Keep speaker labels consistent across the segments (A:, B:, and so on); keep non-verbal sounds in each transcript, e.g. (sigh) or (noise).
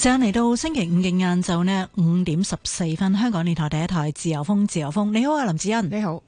A: 時間嚟到星期五嘅晏晝呢，五點十四分，香港電台第一台自由風，自由風。你好啊，林子欣，你好。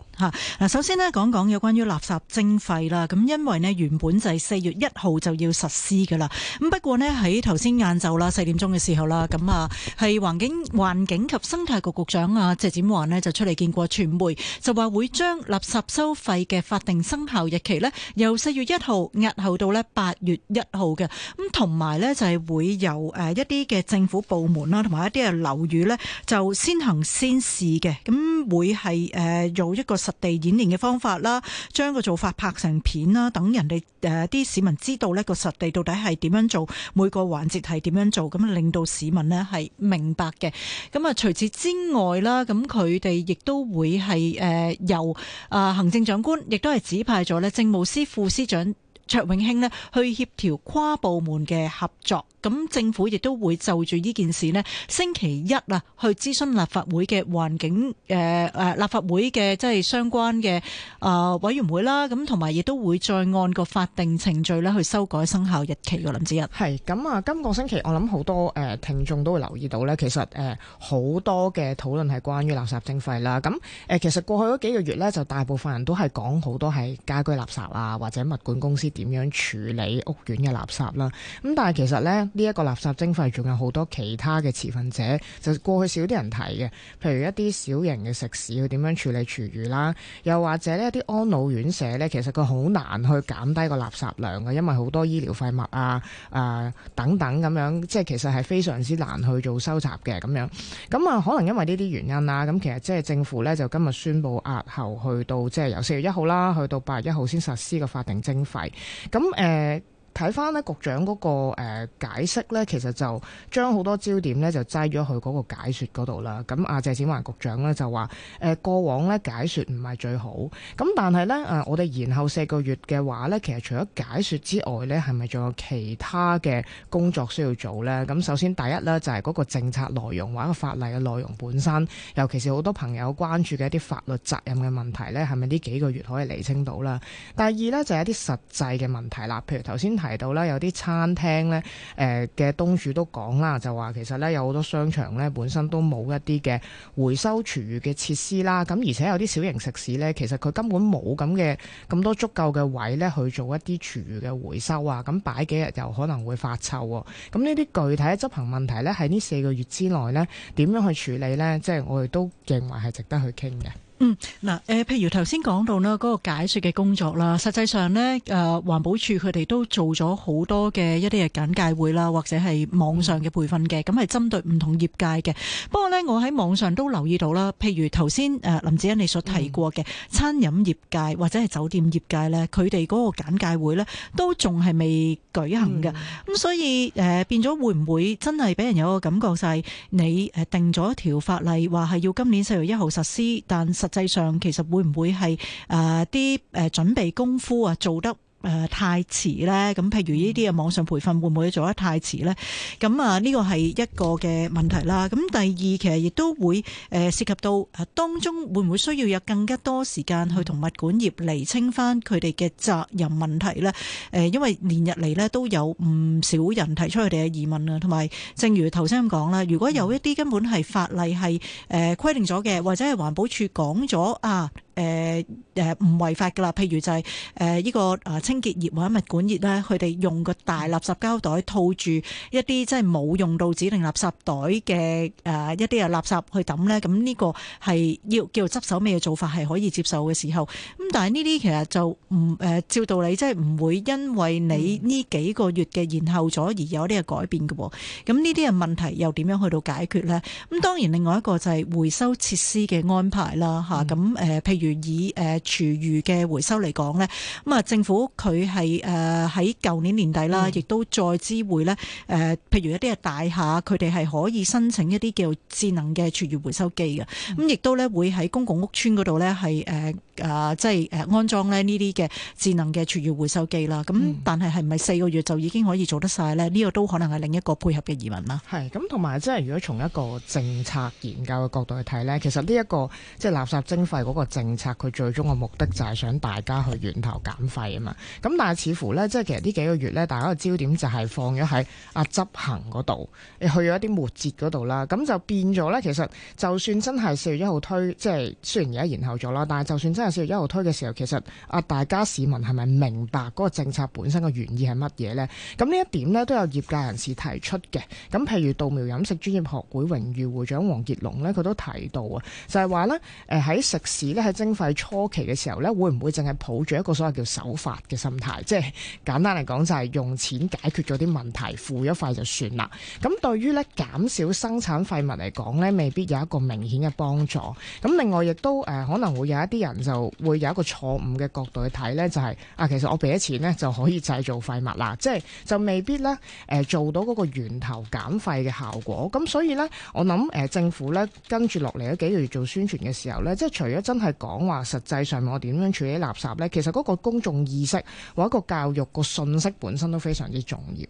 A: 嗱，首先咧講講有關於垃圾徵費啦，咁因為咧原本就係四月一號就要實施噶啦，咁不過咧喺頭先晏晝啦，四點鐘嘅時候啦，咁啊係環境環境及生態局局長啊謝展寰咧就出嚟見過傳媒，就話會將垃圾收費嘅法定生效日期咧由四月一號押後到咧八月一號嘅，咁同埋咧就係會由誒一啲嘅政府部門啦，同埋一啲嘅樓宇咧就先行先試嘅，咁會係誒有一個。實地演練嘅方法啦，將個做法拍成片啦，等人哋誒啲市民知道呢個實地到底係點樣做，每個環節係點樣做，咁令到市民呢係明白嘅。咁啊除此之外啦，咁佢哋亦都會係誒由啊行政長官亦都係指派咗呢政務司副司長卓永興呢去協調跨部門嘅合作。咁政府亦都會就住呢件事呢，星期一啊，去諮詢立法會嘅環境誒、呃、立法會嘅即係相關嘅啊、呃、委員會啦。咁同埋亦都會再按個
B: 法定程序咧去修改生效日期嘅。林志日係咁啊！今、這個星期我諗好多誒、呃、聽眾都會留意到呢，其實誒好、呃、多嘅討論係關於垃圾徵費啦。咁、呃、其實過去嗰幾個月呢，就大部分人都係講好多係家居垃圾啊，或者物管公司點樣處理屋苑嘅垃圾啦。咁但係其實呢。呢、這、一個垃圾徵費仲有好多其他嘅持份者，就過去少啲人提嘅。譬如一啲小型嘅食肆要點樣處理廚餘啦，又或者呢一啲安老院舍呢，其實佢好難去減低個垃圾量嘅，因為好多醫療廢物啊、誒、呃、等等咁樣，即係其實係非常之難去做收集嘅咁樣。咁啊，可能因為呢啲原因啦，咁其實即係政府呢，就今日宣布押後去到即係由四月一號啦，去到八月一號先實施個法定徵費。咁誒。呃睇翻呢，局長嗰個解釋呢，其實就將好多焦點呢，就擠咗去嗰個解説嗰度啦。咁阿謝展華局長呢，就話誒過往呢解説唔係最好，咁但係呢，我哋延後四個月嘅話呢，其實除咗解説之外呢，係咪仲有其他嘅工作需要做呢？咁首先第一呢，就係嗰個政策內容或者個法例嘅內容本身，尤其是好多朋友關注嘅一啲法律責任嘅問題呢，係咪呢幾個月可以釐清到啦？第二呢，就係一啲實際嘅問題啦，譬如頭先，提到咧有啲餐廳呢，誒嘅東主都講啦，就話其實呢有好多商場呢本身都冇一啲嘅回收廚餘嘅設施啦。咁而且有啲小型食肆呢，其實佢根本冇咁嘅咁多足夠嘅位呢去做一啲廚餘嘅回收啊。咁擺幾日又可能會發臭。咁呢啲具體嘅執行問題呢，喺呢四個月之內呢，點樣去處理呢？即係我哋都認為係值得去傾嘅。
A: 嗯，嗱，譬如頭先講到咧，嗰個解說嘅工作啦，實際上咧，誒環保署佢哋都做咗好多嘅一啲嘅簡介會啦，或者係網上嘅培訓嘅，咁、嗯、係針對唔同業界嘅。不過咧，我喺網上都留意到啦，譬如頭先誒林子欣你所提過嘅、嗯、餐飲業界或者係酒店業界咧，佢哋嗰個簡介會咧都仲係未舉行嘅。咁、嗯、所以誒、呃、變咗會唔會真係俾人有個感覺就係你誒定咗一條法例話，係要今年四月一號實施，但實實際上其實會唔會係誒啲誒準備功夫啊做得誒、呃、太遲咧，咁譬如呢啲嘅網上培訓會唔會做得太遲咧？咁啊，呢個係一個嘅問題啦。咁第二其實亦都會誒、呃、涉及到當中會唔會需要有更加多時間去同物管業釐清翻佢哋嘅責任問題咧？誒、呃，因為連日嚟呢，都有唔少人提出佢哋嘅疑問啊，同埋正如頭先咁講啦，如果有一啲根本係法例係誒、呃、規定咗嘅，或者係環保署講咗啊。誒誒唔違法㗎啦，譬如就係誒依個呢個啊清潔業或者物管業咧，佢哋用個大垃圾膠袋套住一啲即係冇用到指定垃圾袋嘅誒一啲啊垃圾去抌咧，咁呢個係要叫做執手尾嘅做法係可以接受嘅時候，咁但係呢啲其實就唔誒照道理即係唔會因為你呢幾個月嘅延後咗而有啲嘅改變嘅喎，咁呢啲嘅問題又點樣去到解決咧？咁當然另外一個就係回收設施嘅安排啦，嚇咁誒譬如。如以誒、呃、廚餘嘅回收嚟講呢，咁啊政府佢係誒喺舊年年底啦，亦、嗯、都再資助咧誒譬如一啲嘅大廈，佢哋係可以申請一啲叫智能嘅廚餘回收機嘅，咁、嗯、亦都咧會喺公共屋邨嗰度咧係誒誒即係誒安裝咧呢啲嘅智能嘅廚餘回收機
B: 啦。咁、嗯、但係係唔係四個月就已經可以做得晒咧？呢、這個都可能係另一個配合嘅疑問啦。係咁同埋，即係如果從一個政策研究嘅角度去睇咧，其實呢、這、一個即係垃圾徵費嗰個政策，政策佢最終嘅目的就係想大家去源頭減廢啊嘛，咁但係似乎咧，即係其實呢幾個月咧，大家個焦點就係放咗喺啊執行嗰度，去咗一啲末節嗰度啦，咁就變咗咧。其實就算真係四月一號推，即係雖然而家延後咗啦，但係就算真係四月一號推嘅時候，其實啊，大家市民係咪明白嗰個政策本身嘅原意係乜嘢咧？咁呢一點咧都有業界人士提出嘅。咁譬如稻苗飲食專業學會榮譽會長黃傑龍咧，佢都提到啊，就係話咧，誒、呃、喺食肆咧喺。徵費初期嘅時候咧，會唔會淨係抱住一個所謂叫守法嘅心態？即係簡單嚟講，就係用錢解決咗啲問題，付咗費就算啦。咁對於咧減少生產廢物嚟講咧，未必有一個明顯嘅幫助。咁另外亦都、呃、可能會有一啲人就會有一個錯誤嘅角度去睇咧，就係、是、啊，其實我俾咗錢咧就可以製造廢物啦，即係就未必咧、呃、做到嗰個源頭減費嘅效果。咁所以咧，我諗、呃、政府咧跟住落嚟嗰幾個月做宣傳嘅時候咧，即係除咗真係講。講話實際上我點樣處理垃圾呢？其實嗰個公眾意識或一個教育個信息本身都非常之重要。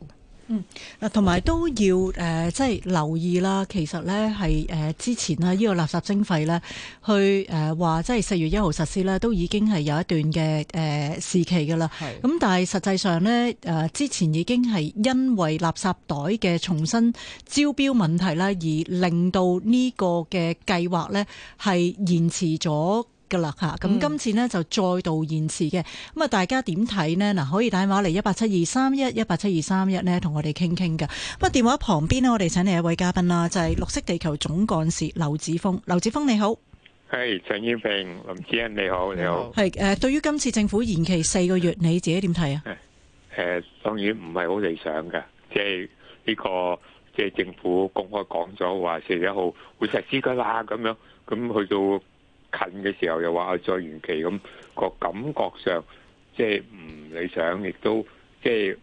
A: 嗯，同埋都要誒，即、呃、係、就是、留意啦。其實呢係誒、呃，之前咧呢個垃圾徵費呢，去誒話即係四月一號實施呢，都已經係有一段嘅誒、呃、時期噶啦。咁，但係實際上呢，誒、呃，之前已經係因為垃圾袋嘅重新招標問題啦，而令到呢個嘅計劃呢係延遲咗。噶啦吓，咁今次呢，就再度延遲嘅，咁啊大家點睇呢？嗱，可以打電話嚟一八七二三一一八七二三一呢，同我哋傾傾噶。咁過電話旁邊呢，我哋請嚟一位嘉賓啦，就係、是、綠惜地球總幹事劉祉鋒。劉祉鋒你好，
C: 係、hey, 陳燕平、林志恩你好，你好。係
A: 誒，對於今次政府延期四個月，你自己點睇啊？
C: 誒、hey, 呃、當然唔係好理想嘅，即係呢個即係、就是、政府公開講咗話四月一號會實施噶啦，咁樣咁去到，近嘅時候又話再延期，咁個感覺上即係唔理想，亦都即係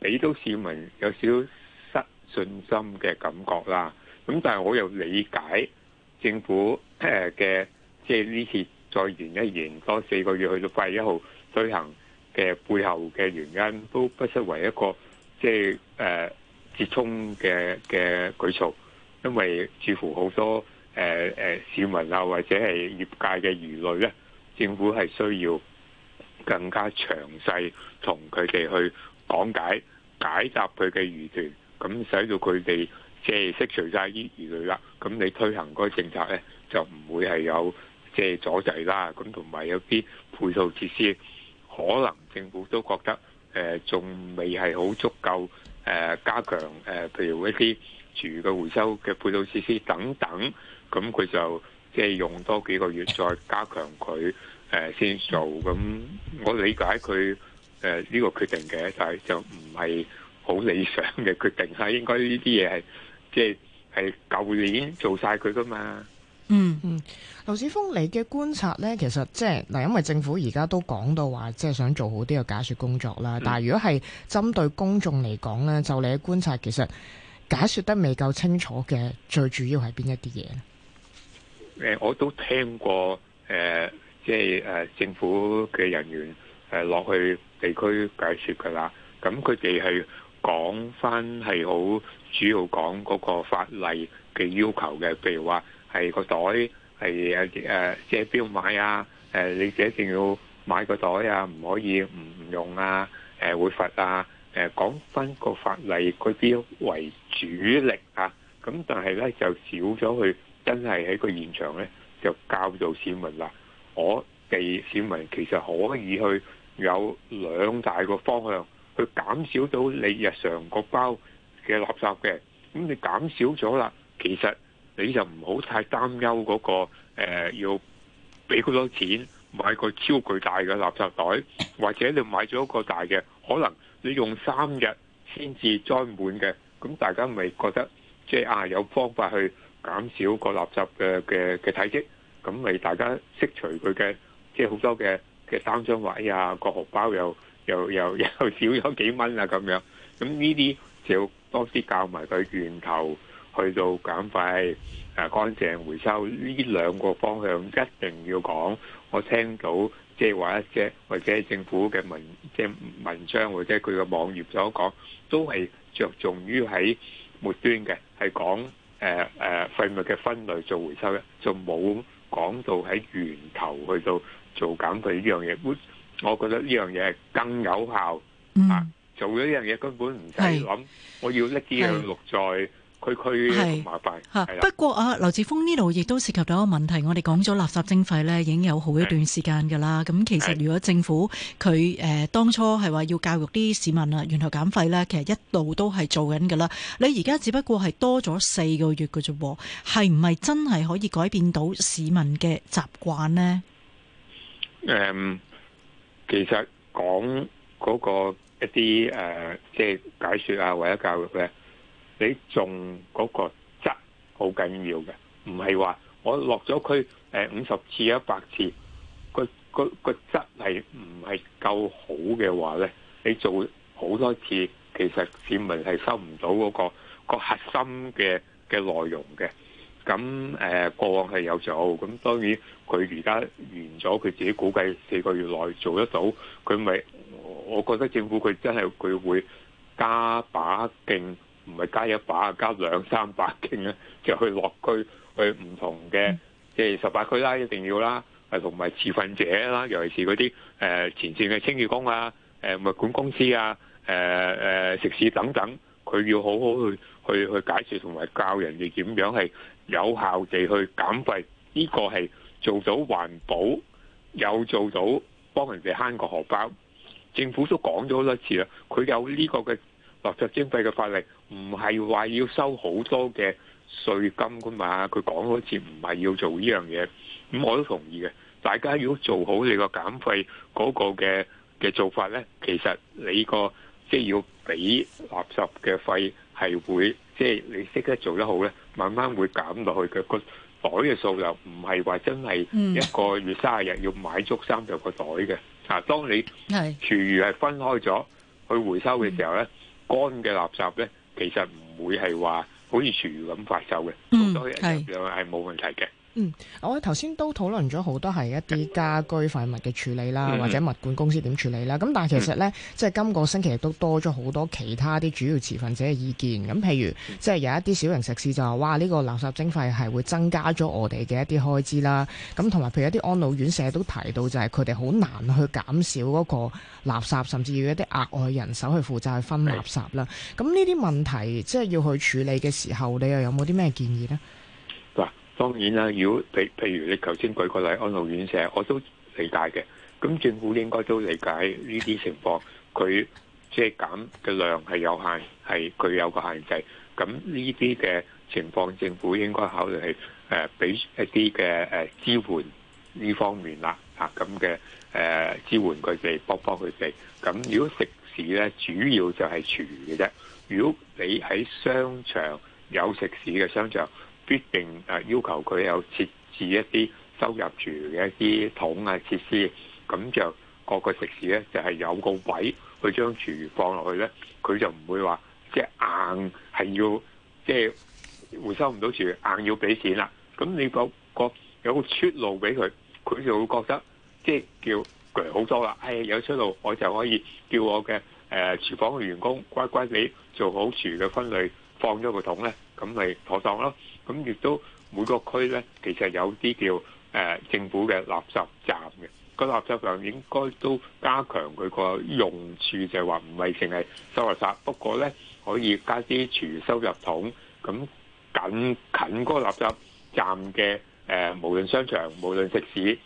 C: 俾到市民有少失信心嘅感覺啦。咁但係我又理解政府嘅即係呢次再延一延多四個月去到八月一號推行嘅背後嘅原因，都不失為一個即係誒折衷嘅嘅舉措，因為似乎好多，誒誒市民啊，或者係業界嘅疑慮咧，政府係需要更加詳細同佢哋去講解，解答佢嘅疑團，咁使到佢哋即係釋除晒啲疑慮啦。咁你推行嗰政策咧，就唔會係有即係阻滯啦。咁同埋有啲配套設施，可能政府都覺得誒仲未係好足夠，誒加強誒，譬如一啲廚餘嘅回收嘅配套設施等等。咁佢就即係用多幾個月再加強佢誒先做。咁我理解佢誒呢個決定嘅，但係就唔係好理想嘅決定，係應該呢啲嘢係即係係舊年做晒佢噶嘛。嗯嗯，
B: 劉祉鋒，你嘅觀察咧，其實即係嗱，因為政府而家都講到話，即係想做好啲嘅解說工作啦，嗯。但係如果係針對公眾嚟講咧，就你嘅觀察，其實解說得未夠清楚嘅，最主要係邊一啲嘢呢？
C: 誒，我都聽過誒，即係誒政府嘅人員係落去地區解説噶啦。咁佢哋係講翻係好主要講嗰個法例嘅要求嘅，譬如話係個袋係一誒借標買啊，誒你自一定要買個袋啊，唔可以唔用啊，誒會罰啊。誒講翻個法例嗰邊為主力啊。咁但係咧就少咗去。真係喺個現場呢，就教導市民啦。我哋市民其實可以去有兩大個方向去減少到你日常個包嘅垃圾嘅。咁你減少咗啦，其實你就唔好太擔憂嗰個誒要畀好多錢買個超巨大嘅垃圾袋，或者你買咗一個大嘅，可能你用三日先至裝滿嘅。咁大家咪覺得即係啊，有方法去。減少個垃圾嘅嘅嘅體積，咁咪大家釋除佢嘅即係好多嘅嘅三張位呀，個荷包又又又又少咗幾蚊呀。咁樣，咁呢啲就要多啲教埋佢源頭去到減費、啊、乾淨回收呢兩個方向一定要講。我聽到即係話一隻或者政府嘅文即係文章或者佢嘅網頁所講，都係着重於喺末端嘅，係講。誒、呃、誒、呃、廢物嘅分類做回收咧，就冇講到喺源頭去到做減廢呢樣嘢。我覺得呢樣嘢更有效。嗯，啊、做咗呢樣嘢根本唔使諗，我要拎啲嘢落再。佢佢
A: 麻煩，不過阿劉祉鋒，呢度亦都涉及到一個問題，我哋講咗垃圾徵費呢，已經有好一段時間噶啦。咁其實如果政府佢誒、呃、當初係話要教育啲市民啊，源頭減費呢，其實一度都係做緊噶啦。你而家只不過係多咗四個月噶啫，係唔係真係可以改變到市民嘅習慣呢？誒、
C: 嗯，其實講嗰個一啲誒，即、呃、係解說啊，或者教育呢。你仲嗰個質好緊要嘅，唔係話我落咗佢誒五十次一百次，個個個質係唔係夠好嘅話咧？你做好多次，其實市民係收唔到嗰個核心嘅嘅內容嘅。咁誒過往係有做，咁當然佢而家完咗，佢自己估計四個月內做得到。佢咪我覺得政府佢真係佢會加把勁。唔係加一把，加兩三百京咧，就去落區去唔同嘅，嗯、即係十八區啦，一定要啦，係同埋持份者啦，尤其是嗰啲誒前線嘅清潔工啊，誒、呃、物管公司啊、誒、呃呃、食肆等等，佢要好好去去去解釋，同埋教人哋點樣係有效地去減費。呢、呢個係做到環保，又做到幫人哋慳個荷包。政府都講咗好多次啦，佢有呢個嘅。垃圾徵費嘅法例唔係話要收很多的稅的好多嘅稅金噶嘛？佢講好似唔係要做呢樣嘢，咁我都同意嘅。大家如果做好你個減費嗰個嘅嘅做法咧，其實你個即係要俾垃圾嘅費係會即係你識得做得好咧，慢慢會減落去嘅個袋嘅數量唔係話真係一個月卅日要買足三十個袋嘅啊。當你廚餘係分開咗去回收嘅時候咧。乾嘅垃圾咧，其實唔會係話好似廚餘咁發臭嘅，好多咁樣係冇、嗯、問題嘅。
B: 嗯，我哋頭先都討論咗好多係一啲家居廢物嘅處理啦，嗯、或者物管公司點處理啦。咁、嗯、但係其實呢，嗯、即係今個星期都多咗好多其他啲主要持份者嘅意見。咁譬如，即係有一啲小型食肆就話，哇，呢、呢個垃圾徵費係會增加咗我哋嘅一啲開支啦。咁同埋，譬如一啲安老院舍都提到，就係佢哋好難去減少嗰個垃圾，甚至要一啲額外人手去負責去分垃圾啦。咁呢啲問題即係要去處理嘅時候，你又有冇啲咩建議呢？
C: 當然啦，如果譬譬如你頭先舉個例，安老院舍，我都理解嘅。咁政府應該都理解呢啲情況，佢即係減嘅量係有限，係佢有個限制。咁呢啲嘅情況，政府應該考慮係誒俾一啲嘅誒支援呢方面啦，啊咁嘅誒支援佢哋，幫幫佢哋。咁如果食肆咧，主要就係廚餘嘅啫。如果你喺商場有食肆嘅商場，必定要求佢有設置一啲收入廚餘嘅一啲桶、啊設施，咁就個個食肆咧就係、是、有個位去將廚餘放落去咧，佢就唔會話即係硬係要即係回收唔到廚餘硬要俾錢啦。咁你個個有個出路俾佢，佢就會覺得即係、就是、叫佢好多啦。係、哎、有出路，我就可以叫我嘅、呃、廚房嘅員工乖乖哋做好廚餘嘅分類，放咗個桶咧，咁咪妥當咯。咁亦都每個區呢，其實有啲叫、呃、政府嘅垃圾站嘅，個垃圾站應該都加強佢個用處，就係話唔係淨係收垃圾，不過呢，可以加啲廚餘收入桶。咁近近個垃圾站嘅、呃、無論商場、無論食肆，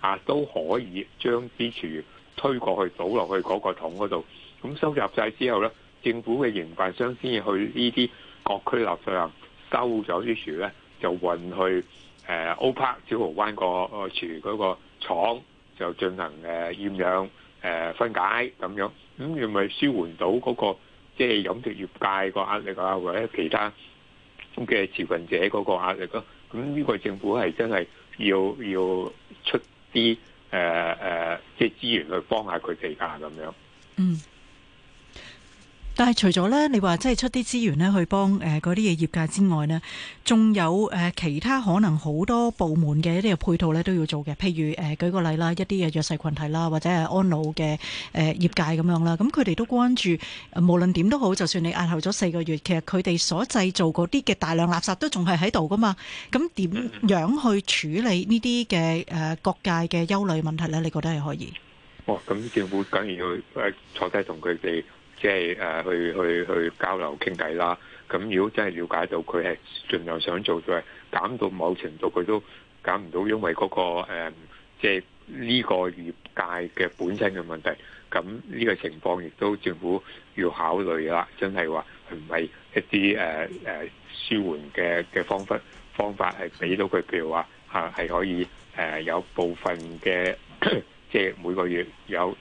C: 啊，都可以將啲廚餘推過去倒落去嗰個桶嗰度。咁收集曬之後呢，政府嘅營辦商先至去呢啲各區垃圾站。收咗啲廚餘咧，就運去誒歐珀小蠔灣個廚餘嗰個廠，就進行誒厭氧分解咁樣，咁亦咪舒緩到嗰個即係飲食業界個壓力啊，或者其他咁嘅持份者嗰個壓力咯。咁呢個政府係真係要要出啲誒即係資源去幫下佢哋㗎咁樣。嗯。
A: 但係除咗咧，你話即係出啲資源咧去幫誒嗰啲嘢業界之外呢，仲有誒其他可能好多部門嘅一啲嘅配套咧都要做嘅。譬如誒舉個例啦，一啲嘅弱勢群體啦，或者係安老嘅誒業界咁樣啦，咁佢哋都關注，無論點都好，就算你押後咗四個月，其實佢哋所製造嗰啲嘅大量垃圾都仲係喺度噶嘛。咁點樣去處理呢啲嘅誒各界嘅憂慮問題呢？你覺得係可以？
C: 哦，咁政府梗係要坐低同佢哋。即係誒去去去交流傾偈啦。咁如果真係了解到佢係盡量想做，就係減到某程度佢都減唔到，因為嗰個誒即係呢個業界嘅本身嘅問題。咁呢個情況亦都政府要考慮啦。真係話係唔係一啲誒誒舒緩嘅嘅方法方法，係俾到佢，譬如話嚇係可以誒有部分嘅即係每個月有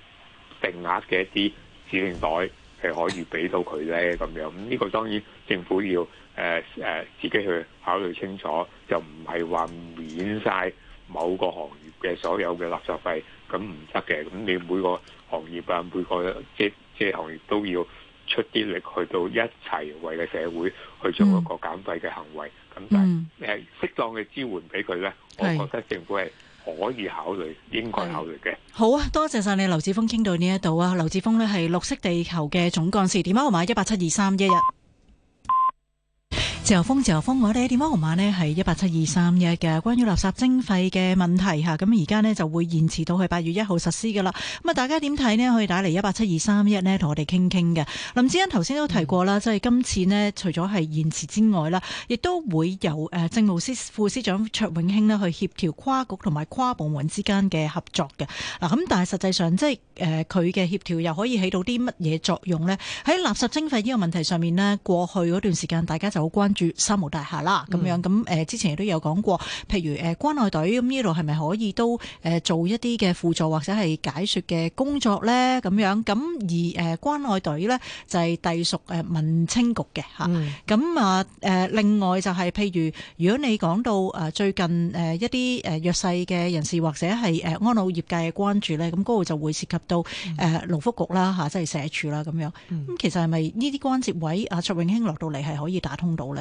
C: 定額嘅一啲指定袋。係可以俾到佢咧咁樣，咁、這、呢個當然政府要、呃呃、自己去考慮清楚，就唔係話免曬某個行業嘅所有嘅垃圾費，咁唔得嘅。咁你每個行業啊，每個即係即係行業都要出啲力去到一齊為個社會去做一個減費嘅行為，咁、嗯、但係、嗯、適當嘅支援俾佢咧。我覺得政府係。可以考慮，應該考慮嘅。
A: 好啊，多謝晒你，劉祉鋒傾到呢一度啊。劉祉鋒呢係綠惜地球嘅總幹事，電話號碼一八七二三一一。自由風，自由風，我哋嘅電話號碼呢係一八七二三一嘅。關於垃圾徵費嘅問題吓，咁而家呢就會延遲到去八月一號實施噶啦。咁啊，大家點睇呢？可以打嚟一八七二三一呢，同我哋傾傾嘅。林志恩頭先都提過啦，即係今次呢，除咗係延遲之外啦，亦都會由誒政務司副司長卓永興呢去協調跨局同埋跨部門之間嘅合作嘅。嗱，咁但係實際上即係誒佢嘅協調又可以起到啲乜嘢作用呢？喺垃圾徵費呢個問題上面呢，過去嗰段時間大家就好關。住三毛大廈啦，咁樣咁誒，之前亦都有講過，譬如誒關愛隊咁，呢度係咪可以都誒做一啲嘅輔助或者係解說嘅工作咧？咁樣咁而誒關愛隊咧就係隸屬誒民青局嘅，吓，咁啊誒另外就係、是、譬如，如果你講到誒最近誒一啲誒弱勢嘅人士或者係誒安老業界嘅關注咧，咁嗰度就會涉及到誒勞福局啦吓，即、就、係、是、社署啦咁樣。咁、mm. 其實係咪呢啲關節位阿卓永興落到嚟係可以打通到咧？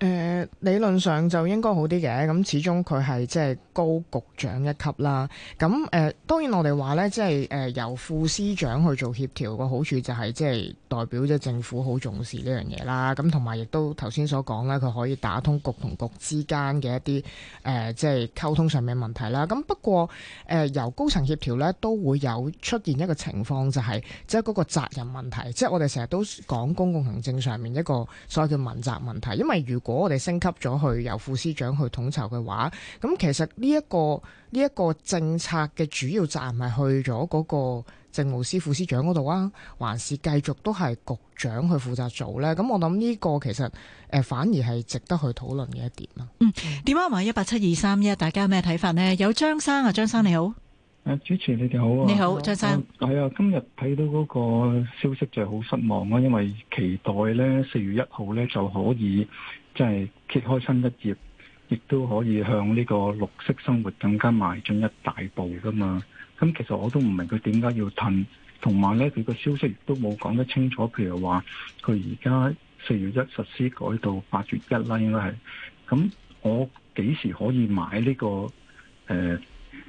B: 誒理論上就應該好啲嘅，咁始終佢係即係高局長一級啦。咁誒當然我哋話咧，即係誒由副司長去做協調，個好處就係即係代表咗政府好重視呢樣嘢啦。咁同埋亦都頭先所講啦，佢可以打通局同局之間嘅一啲誒即係溝通上面嘅問題啦。咁不過誒由高層協調咧，都會有出現一個情況，就係即係嗰個責任問題，即係我哋成日都講公共行政上面一個所謂叫問責問題，因為如果如果我哋升級咗去由副司長去統籌嘅話，咁其實呢一個呢一個政策嘅主要責任係去咗嗰個政務司副司長嗰度啊，還是繼續都係局長去負責做呢？咁我諗呢個其實誒反而係值得去討論嘅一點啊。嗯，
A: 電話號碼一八七二三一，大家有咩睇法呢？有張生啊，張生你好，
D: 誒主持你哋好啊，你好張生，係啊，今日睇到嗰個消息就係好失望咯，因為期待呢四月一號呢就可以。即係揭開新一頁，亦都可以向呢個綠色生活更加邁進一大步噶嘛。咁其實我都唔明佢點解要褪，同埋呢，佢個消息亦都冇講得清楚。譬如話佢而家四月一實施改到八月一啦，應該係咁。我幾時可以買呢、呢個誒、呃、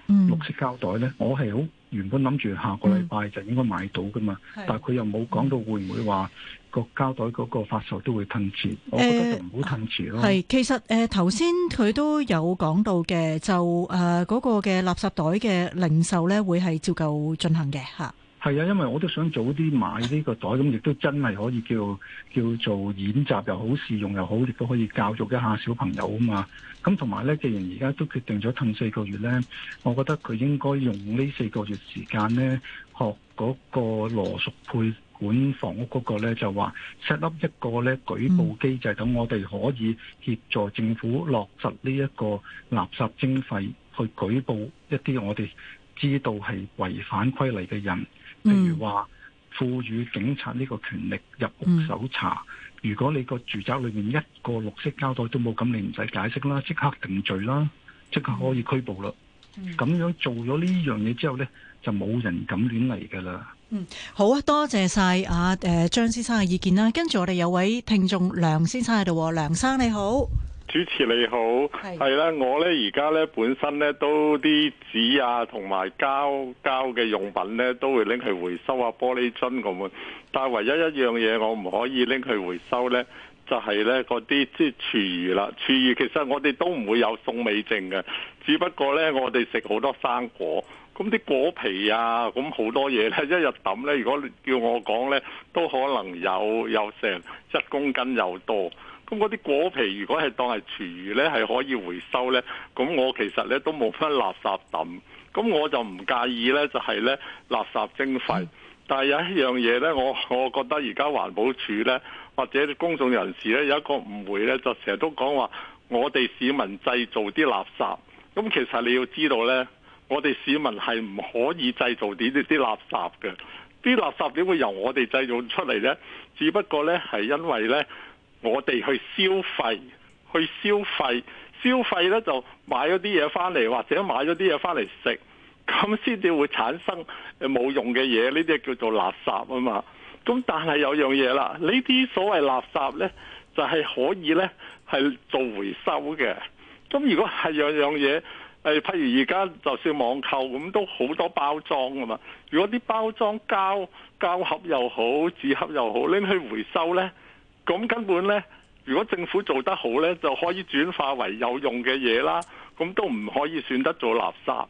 D: 綠色膠袋呢？我係好。原本諗住下個禮拜就應該買到㗎嘛，嗯，但係佢又冇講到會唔會話個膠袋嗰個發售都會褪遲，我覺得就唔好褪遲咯。係、欸、
A: 其實誒頭先佢都有講到嘅，就誒嗰、呃那個嘅垃圾袋嘅零售咧會係照舊進行嘅嚇。
D: 係啊，因為我都想早啲買呢個袋，咁亦都真係可以叫叫做演習又好，試用又好，亦都可以教育一下小朋友啊嘛。咁同埋呢，既然而家都決定咗騰四個月呢，我覺得佢應該用呢四個月時間呢，學嗰個羅淑佩管房屋嗰個呢，就話 set up 一個呢舉報機制，等、嗯、我哋可以協助政府落實呢一個垃圾徵費，去舉報一啲我哋知道係違反規例嘅人。譬如話賦予警察呢個權力入屋搜查，嗯嗯、如果你個住宅裏面一個綠色膠袋都冇，咁你唔使解釋啦，即刻定罪啦，即刻可以拘捕啦。咁、嗯、樣做咗呢樣嘢之後呢，就冇人敢亂嚟噶啦。嗯，
A: 好啊，多謝晒阿誒張先生嘅意見啦。跟住我哋有位聽眾梁先生喺度，梁生你好。
E: 主持你好，係啦，我呢而家呢，本身呢都啲紙啊，同埋膠膠嘅用品呢，都會拎去回收啊，玻璃樽咁樣。但係唯一一樣嘢我唔可以拎去回收呢，就係呢嗰啲即係廚餘啦。廚餘其實我哋都唔會有餸尾剩嘅，只不過呢，我哋食好多生果，咁啲果皮啊，咁好多嘢呢，一日抌呢，如果叫我講呢，都可能有有成一公斤有多。咁嗰啲果皮如果係當係廚餘咧，係可以回收咧。咁我其實咧都冇乜垃圾抌，咁我就唔介意咧，就係咧垃圾徵費。但係有一樣嘢咧，我我覺得而家環保署咧，或者公眾人士咧，有一個誤會咧，就成日都講話，我哋市民製造啲垃圾。咁其實你要知道咧，我哋市民係唔可以製造啲啲啲垃圾嘅。啲垃圾點會由我哋製造出嚟咧？只不過咧係因為咧。我哋去消費，去消費，消費呢就買咗啲嘢返嚟，或者買咗啲嘢返嚟食，咁先至會產生冇用嘅嘢，呢啲叫做垃圾啊嘛。咁但係有樣嘢啦，呢啲所謂垃圾呢就係可以呢係做回收嘅。咁如果係樣樣嘢，誒譬如而家就算網購咁都好多包裝啊嘛。如果啲包裝膠膠盒又好，紙盒又好，拎去回收呢。咁根本呢，如果政府做得好呢，就可以轉化為有用嘅嘢啦。咁都唔可以選得做垃圾。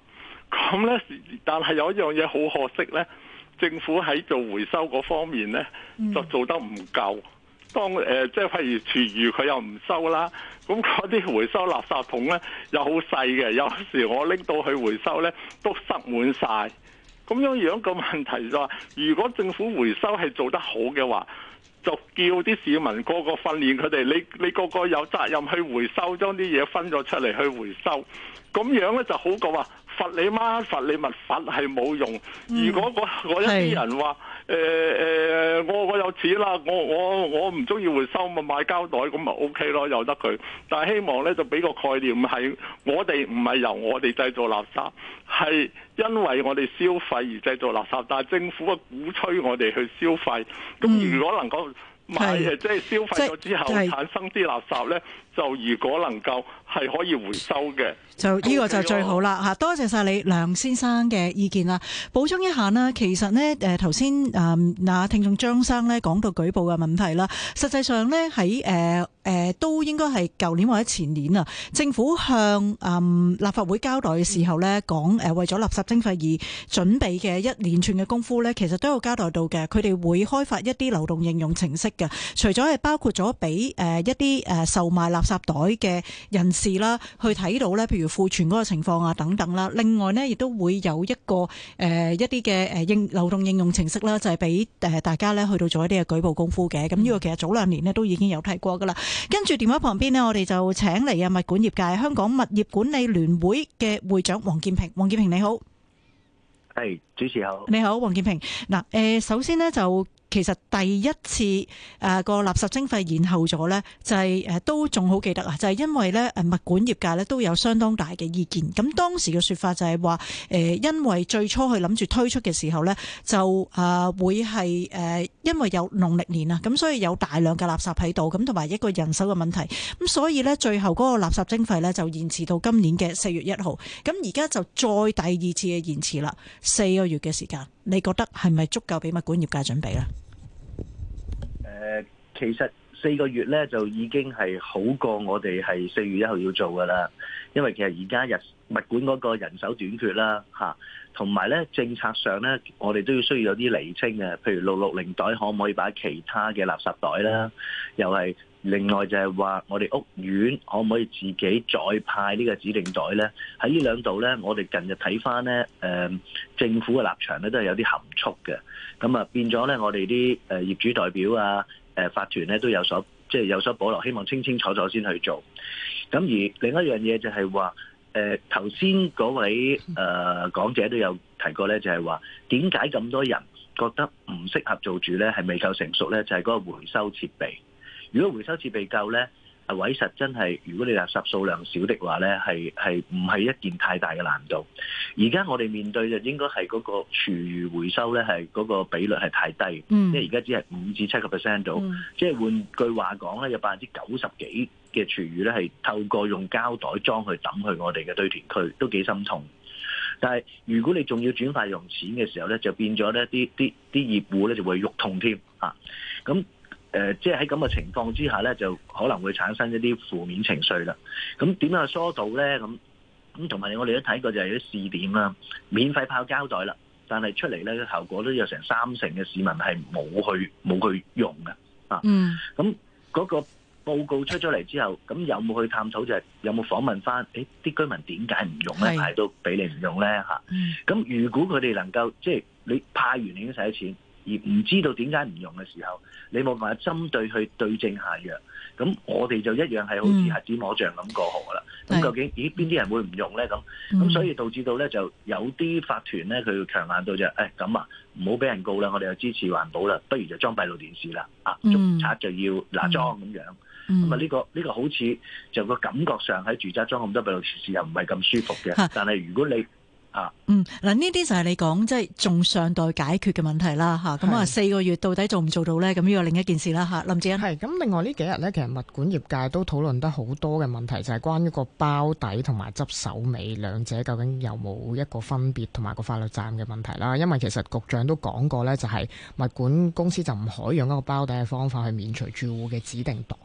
E: 咁呢，但係有一樣嘢好可惜呢，政府喺做回收嗰方面呢，就做得唔夠。當誒，即係譬如廚餘，佢又唔收啦。咁嗰啲回收垃圾桶呢，又好細嘅。有時我拎到去回收呢，都塞滿晒。咁樣樣個問題就係，如果政府回收係做得好嘅話。就叫啲市民個個訓練佢哋，你你個個有責任去回收，將啲嘢分咗出嚟去回收，咁樣咧就好過話罰你媽、罰你乜，罰係冇用。如果嗰一啲人話。誒、欸、誒，我我有錢啦，我我我唔中意回收，咪買膠袋就、OK，咁咪 O K 咯，由得佢。但係希望咧，就俾個概念係，我哋唔係由我哋製造垃圾，係因為我哋消費而製造垃圾，但係政府啊鼓吹我哋去消費，咁、嗯、如果能夠買，即係消費咗之後產生啲垃圾咧。就如果能夠係可以回收
A: 嘅，就呢個就最好啦。吓，多謝晒你梁先生嘅意見啦。補充一下啦，其實咧誒頭先啊，嗱聽眾張生咧講到舉報嘅問題啦，實際上咧喺誒誒都應該係舊年或者前年啊，政府向誒、嗯、立法會交代嘅時候咧，講誒為咗垃圾徵費而準備嘅一連串嘅功夫咧，其實都有交代到嘅。佢哋會開發一啲流動應用程式嘅，除咗係包括咗俾誒一啲誒售賣垃垃圾袋嘅人士啦，去睇到咧，譬如庫存嗰個情況啊等等啦。另外咧，亦都會有一個誒一啲嘅誒應流動應用程式啦，就係俾誒大家咧去到做一啲嘅舉報功夫嘅。咁呢個其實早兩年咧都已經有提過噶啦。跟住電話旁邊咧，我哋就請嚟啊物管業界香港物業管理聯會嘅會長黃健平。黃健平你好。
F: 係主持人你好，
A: 你好黃健平嗱誒，首先咧就。其實第一次誒個、啊、垃圾徵費延後咗呢，就係、係啊、都仲好記得啊，就係、係、因為呢物管業界呢都有相當大嘅意見。咁當時嘅說法就係話、呃、因為最初去諗住推出嘅時候呢，就啊會係誒、啊、因為有農曆年啊，咁所以有大量嘅垃圾喺度，咁同埋一個人手嘅問題，咁所以呢，最後嗰個垃圾徵費呢，就延遲到今年嘅四月一號。咁而家就再第二次嘅延遲啦，四個月嘅時間，你覺得係咪足夠俾物管業界準備呢？
F: 誒，其實四個月咧就已經係好過我哋係四月一號要做噶啦，因為其實而家日物管嗰個人手短缺啦，吓，同埋咧政策上咧，我哋都要需要有啲厘清嘅，譬如六六零袋可唔可以擺其他嘅垃圾袋啦，又係。另外就係話，我哋屋苑可唔可以自己再派呢個指定袋呢？喺呢兩度呢，我哋近日睇翻呢，誒政府嘅立場呢，都係有啲含蓄嘅。咁啊變咗呢，我哋啲誒業主代表啊、誒法團呢，都有所即係、就是、有所保留，希望清清楚楚先去做。咁而另一樣嘢就係話，誒頭先嗰位誒講者都有提過呢，就係話點解咁多人覺得唔適合做住呢？係未夠成熟呢，就係、是、嗰個回收設備。如果回收設備夠咧，委實真係，如果你垃圾數量少的話咧，係係唔係一件太大嘅難度。而家我哋面對就應該係嗰個廚餘回收咧，係嗰個比率係太低，即係而家只係五至七個 percent 度。即係換句話講咧，有百分之九十幾嘅廚餘咧，係透過用膠袋裝去抌去我哋嘅堆填區，都幾心痛。但係如果你仲要轉化用錢嘅時候咧，就變咗咧啲啲啲業戶咧就會肉痛添啊。咁誒、呃，即係喺咁嘅情況之下咧，就可能會產生一啲負面情緒啦。咁點樣去疏導咧？咁咁同埋我哋都睇過就係啲試點啦、啊，免費派膠袋啦，但係出嚟咧嘅效果都有成三成嘅市民係冇去冇去用嘅、嗯啊那個就是欸。啊，嗯，咁嗰個報告出咗嚟之後，咁有冇去探討就係有冇訪問翻？誒，啲居民點解唔用咧？排都俾你唔用咧嚇。咁如果佢哋能夠即係你派完你已經使咗錢。而唔知道點解唔用嘅時候，你冇辦法針對去對症下藥，咁我哋就一樣係好似核子摸象咁過河啦。咁、嗯、究竟咦邊啲人會唔用咧？咁咁所以導致到咧就有啲法團咧，佢要強硬到就誒、是、咁、哎、啊，唔好俾人告啦，我哋又支持環保啦，不如就裝閉路電視啦。啊，仲拆就要嗱裝咁、嗯、樣。咁啊、這個，呢個呢個好似就個感覺上喺住宅裝咁多閉路電視又唔係咁舒服嘅。但係如果你
G: 嗯，
A: 嗱呢啲就係你講即係仲尚待解決嘅問題啦，嚇咁啊四個月到底做唔做到
B: 呢？咁呢個另一件事啦，嚇林志欣。係咁，另外呢幾日呢，其實物管業界都討論得好多嘅問題，就係、是、關於個包底同埋執手尾兩者究竟有冇一個分別同埋個法律責任嘅問題啦。因為其實局長都講過呢，就係、是、物管公司就唔可以用一個包底嘅方法去免除住戶嘅指定袋，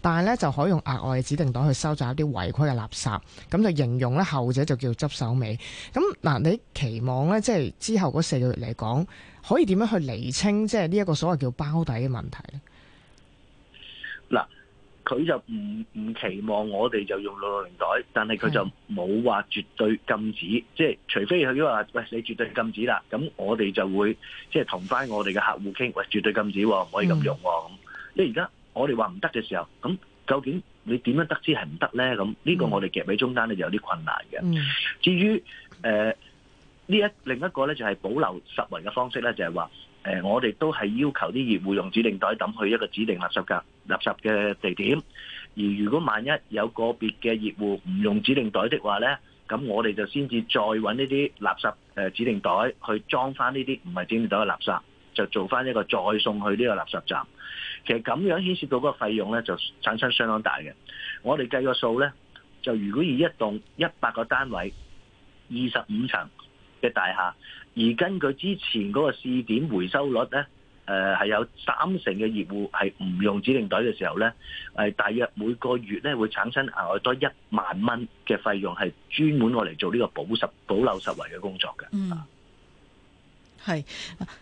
B: 但係呢，就可以用額外嘅指定袋去收集一啲違規嘅垃圾，咁就形容呢，後者就叫執手尾咁。嗱，你期望咧，即係之後嗰四個月嚟講，可以點樣去釐清即係呢一個所謂叫包底嘅問題咧？
F: 嗱，佢就唔唔期望我哋就用六六零袋，但係佢就冇話絕對禁止，即係除非佢話喂，你絕對禁止啦，咁我哋就會即係同翻我哋嘅客戶傾，喂，絕對禁止喎，唔可以咁用喎，咁即係而家我哋話唔得嘅時候，咁。究竟你點樣得知係唔得咧？咁呢個我哋夾喺中間咧就有啲困難嘅。至於誒呢一另一個咧，就係保留實圍嘅方式咧，就係話誒我哋都係要求啲業戶用指定袋抌去一個指定垃圾嘅垃圾嘅地點。而如果萬一有個別嘅業戶唔用指定袋的話咧，咁我哋就先至再揾呢啲垃圾誒指定袋去裝翻呢啲唔係指定袋嘅垃圾，就做翻一個再送去呢個垃圾站。其實咁樣牽涉到嗰個費用咧，就產生相當大嘅。我哋計個數咧，就如果以一棟一百個單位，二十五層嘅大廈，而根據之前嗰個試點回收率咧，誒係有三成嘅業戶係唔用指定袋嘅時候咧，係大約每個月咧會產生額外多一萬蚊嘅費用，係專門用我嚟做呢個保十補漏拾遺嘅工作嘅。嗯。
A: 係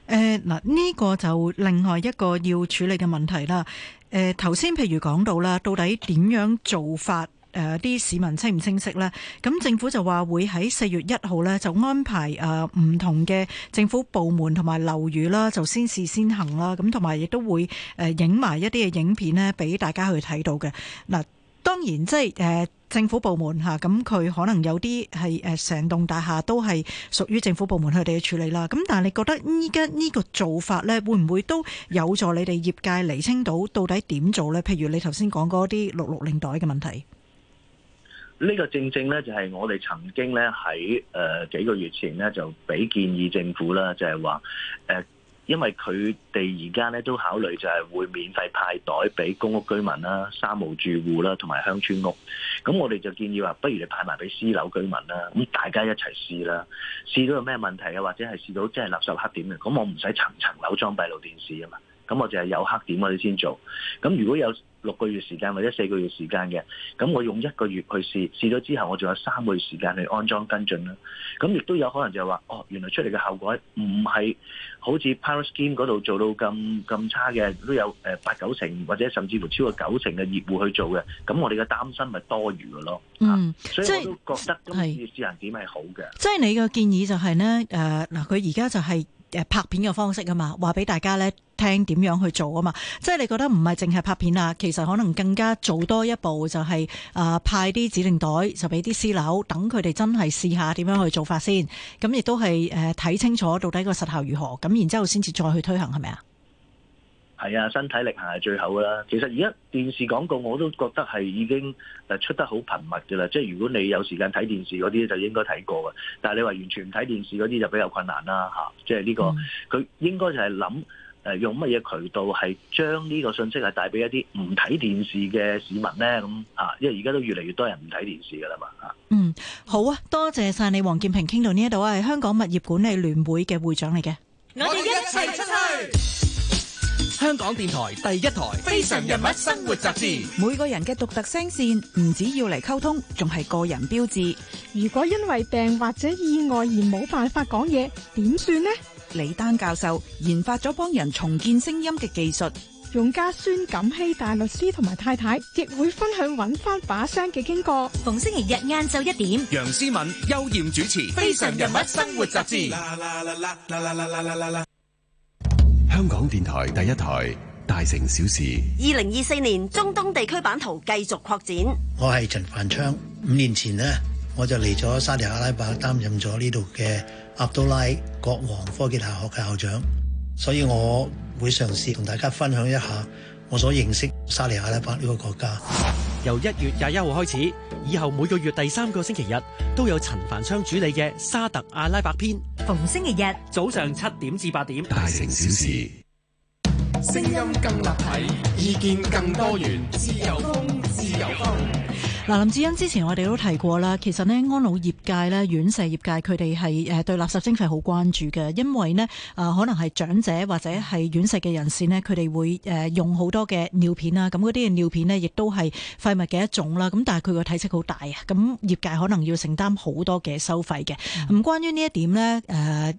A: 誒嗱，呢個就另外一個要處理嘅問題啦。誒頭先譬如講到啦，到底點樣做法誒啲、呃、市民清唔清晰呢？咁政府就話會喺四月一號呢，就安排誒唔同嘅政府部門同埋樓宇啦，就先試先行啦。咁同埋亦都會誒影埋一啲嘅影片呢，俾大家去睇到嘅。嗱，呃，當然即係誒。呃政府部門嚇，咁佢可能有啲係誒成棟大廈都係屬於政府部門佢哋嘅處理啦。咁但係你覺得依家呢個做法呢，會唔會都有助你哋業界釐清到到底點做呢？譬如你頭先講嗰啲六六零袋嘅問題，
F: 呢個正正呢就係我哋曾經呢喺誒幾個月前呢就俾建議政府啦，就係話誒。因為佢哋而家咧都考慮就係會免費派袋俾公屋居民啦、三無住戶啦、同埋鄉村屋，咁我哋就建議話，不如你派埋俾私樓居民啦，咁大家一齊試啦，試到有咩問題啊，或者係試到即係垃圾黑點嘅，咁我唔使層層樓裝閉路電視啊嘛。咁我就係有黑點我哋先做，咁如果有六個月時間或者四個月時間嘅，咁我用一個月去試，試咗之後我仲有三個月時間去安裝跟進啦。咁亦都有可能就係話，哦原來出嚟嘅效果唔係好似 Pilot Scheme 嗰度做到咁咁差嘅，都有誒八九成或者甚至乎超過九成嘅業戶去做嘅，咁我哋嘅擔心咪多餘嘅咯。嗯，所以我都覺得咁試行點係好嘅。即、嗯、係、就係
A: 就係、你嘅建議就係、是、咧，嗱佢而家就係、是。拍片嘅方式啊嘛，話俾大家咧聽點樣去做啊嘛，即係你覺得唔係淨係拍片啊，其實可能更加做多一步就係啊派啲指定袋就俾啲私樓，等佢哋真係試下點樣去做法先，咁亦都係誒睇清楚到底個實效如何，咁然之後先至再去推行係咪啊？是。
F: 係啊，身體力行係最好嘅啦。其實而家電視廣告我都覺得係已經誒出得好頻密嘅啦。即係如果你有時間睇電視嗰啲，就應該睇過嘅。但係你話完全唔睇電視嗰啲就比較困難啦嚇。即係呢、呢個佢、嗯、應該就係諗誒用乜嘢渠道係將呢個信息係帶俾一啲唔睇電視嘅市民呢？咁啊。因為而家都越嚟越多人唔睇電視噶啦嘛。嗯，
A: 好啊，多謝晒你，黃健平，傾到呢一度係香港物業管理聯會嘅會長嚟嘅。
B: 我哋一齊出去。
A: 香港電台第一台《非常人物生
H: 活雜誌》，
I: 每個人嘅獨特聲線唔止要嚟溝通，仲係個人標誌。如果因為病或者意外而冇辦法講嘢，點算呢？李丹教授研發咗幫人重建聲音嘅技術。用家孫錦希大律師同埋太太亦會分享揾翻把聲嘅經過。逢星期日晏晝一點，
F: 楊思敏、邱艷主持《非常人物生活雜誌》。
C: 香港電台第一台
E: 《大城小事》。
J: 二零二四年中東地區版圖繼續擴展。
E: 我係陳
F: 繁昌。五年前咧，我就嚟咗沙地阿拉伯，擔任咗呢度嘅阿都拉國王科技大學嘅校長，所以我會嘗試同大家分享一下我所認識沙地阿拉伯呢個國家。
H: 由一月廿一號開始。
F: 以後每個月第三個星期日都有陳凡昌主理嘅沙特阿拉伯篇。
B: 逢星期日早上七點至八點，大城小事，聲音更立體，意見更多元，自由風，自由風。嗱，林
A: 志恩，之前我哋都提過啦，其實咧安老業界咧院舍業界佢哋係誒對垃圾徵費好關注嘅，因為咧啊可能係長者或者係院舍嘅人士咧，佢哋會誒用好多嘅尿片啊，咁嗰啲嘅尿片咧亦都係廢物嘅一種啦。咁但係佢個體積好大啊，咁業界可能要承擔好多嘅收費嘅。咁關於呢一點咧，誒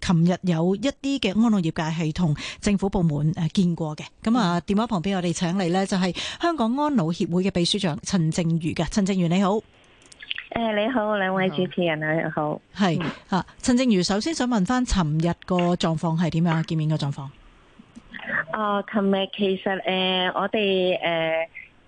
A: 誒琴日有一啲嘅安老業界係同政府部門誒見過嘅。咁啊電話旁邊我哋請嚟咧就係香港安老協會嘅秘書長陳靜余嘅，陳靜如你好，
J: 誒，你好兩位主
A: 持人啊，你好，係啊陳靜如，首先想問翻尋日個狀況係點樣？見面個狀況
G: 啊，
J: 尋日其實誒，我哋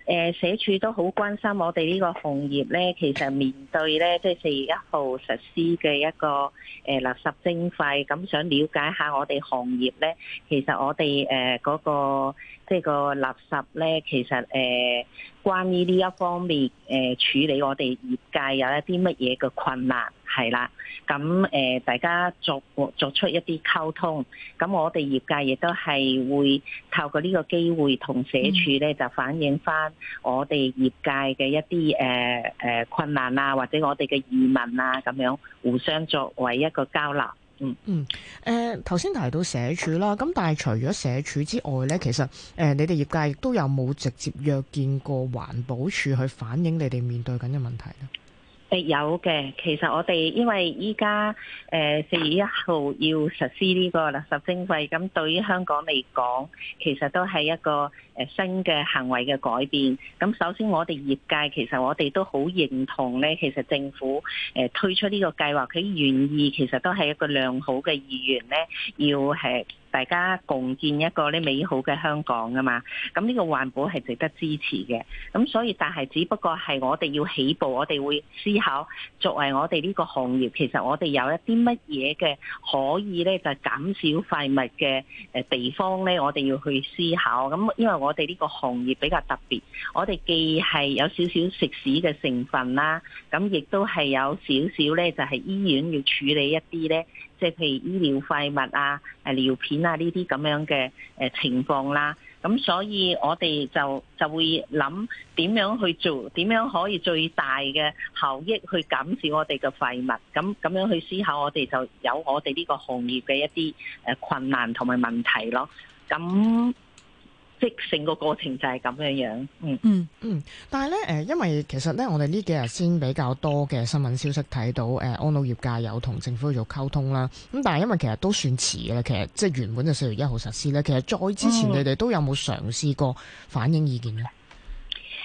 J: 誒誒，社署都好關心我哋呢個行業咧。其實面對咧，即係四月一號實施嘅一個誒垃圾徵費，咁想了解下我哋行業咧，其實我哋誒嗰個。即、這、係個垃圾咧，其實誒、呃，關於呢一方面誒、呃，處理我哋業界有一啲乜嘢嘅困難係啦，咁誒、呃，大家作作出一啲溝通，咁我哋業界亦都係會透過呢個機會同社署咧，就反映翻我哋業界嘅一啲誒誒困難啊，或者我哋嘅疑問啊，咁樣互相作為一個交流。
B: 嗯嗯，誒、呃，頭先提到社署啦，咁但係除咗社署之外咧，其實誒、呃，你哋業界亦都有冇直接約見過環保署去反映你哋面對緊嘅問題咧？
J: 有嘅，其實我哋因為依家四月一號要實施呢個垃圾徵費，咁對於香港嚟講，其實都係一個新嘅行為嘅改變。咁首先我哋業界其實我哋都好認同咧，其實政府推出呢個計劃，佢願意其實都係一個良好嘅意願咧，要係。大家共建一個呢美好嘅香港啊嘛，咁呢個環保係值得支持嘅，咁所以但係只不過係我哋要起步，我哋會思考作為我哋呢個行業，其實我哋有一啲乜嘢嘅可以呢，就係、減少廢物嘅地方呢，我哋要去思考。咁因為我哋呢個行業比較特別，我哋既係有少少食肆嘅成分啦，咁亦都係有少少呢，就係、係、醫院要處理一啲呢。即係譬如醫療廢物啊、誒尿片啊呢啲咁樣嘅誒情況啦，咁所以我哋就就會諗點樣去做，點樣可以最大嘅效益去減少我哋嘅廢物，咁咁樣去思考我哋就有我哋呢個行業嘅一啲誒困難同埋問題咯，咁。即成個
B: 過程就係咁樣樣，嗯嗯嗯。但係咧，誒，因為其實咧，我哋呢幾日先比較多嘅新聞消息睇到，誒，安老業界有同政府去做溝通啦。咁但係因為其實都算遲㗎啦，其實即係原本就四月一號實施咧。其實再之前，你哋都有冇嘗試過反映意見咧？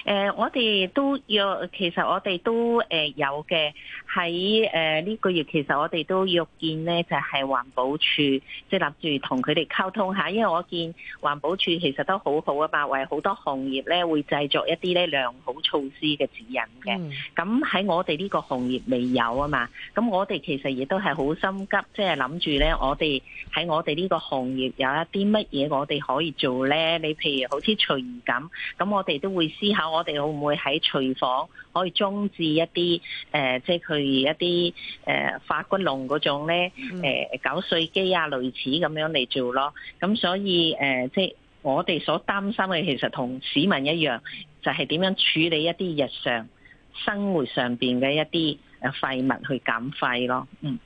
J: 誒、呃，我哋都要其實我哋都有嘅喺誒呢個月，其實我哋都預、呃呃這個、見呢，就係、是、環保署即係諗住同佢哋溝通下，因為我見環保署其實都好好啊，為好多行業咧會製作一啲咧良好措施嘅指引嘅。咁、嗯、喺我哋呢個行業未有啊嘛，咁我哋其實亦都係好心急，即係諗住咧，我哋喺我哋呢個行業有一啲乜嘢我哋可以做咧？你譬如好似隨意咁，咁我哋都會思考。我哋會唔會喺廚房可以裝置一啲誒，即係佢一啲誒化骨龍嗰種咧？誒，絞碎機啊，類似咁樣嚟做咯。咁所以誒，即係我哋所擔心嘅，其實同市民一樣，就係點樣處理一啲日常生活上邊嘅一啲誒廢物去減廢咯。嗯，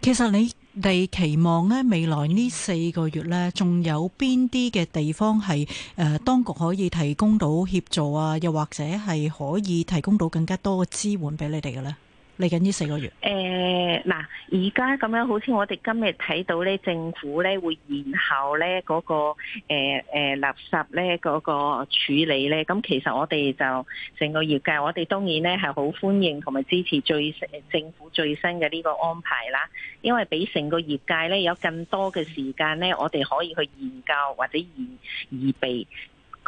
A: 其實你。你期望咧，未來呢四個月咧，仲有邊啲嘅地方係誒當局可以提供到協助啊？又或者係可以提供到更加多嘅支援俾你哋嘅咧？嚟緊呢四個月，
J: 誒、欸、嗱，而家咁樣好似我哋今日睇到咧，政府咧會延後咧、那、嗰個誒、欸欸、垃圾咧嗰個處理咧，咁其實我哋就成個業界，我哋當然咧係好歡迎同埋支持最政府最新嘅呢個安排啦，因為俾成個業界咧有更多嘅時間咧，我哋可以去研究或者預預備。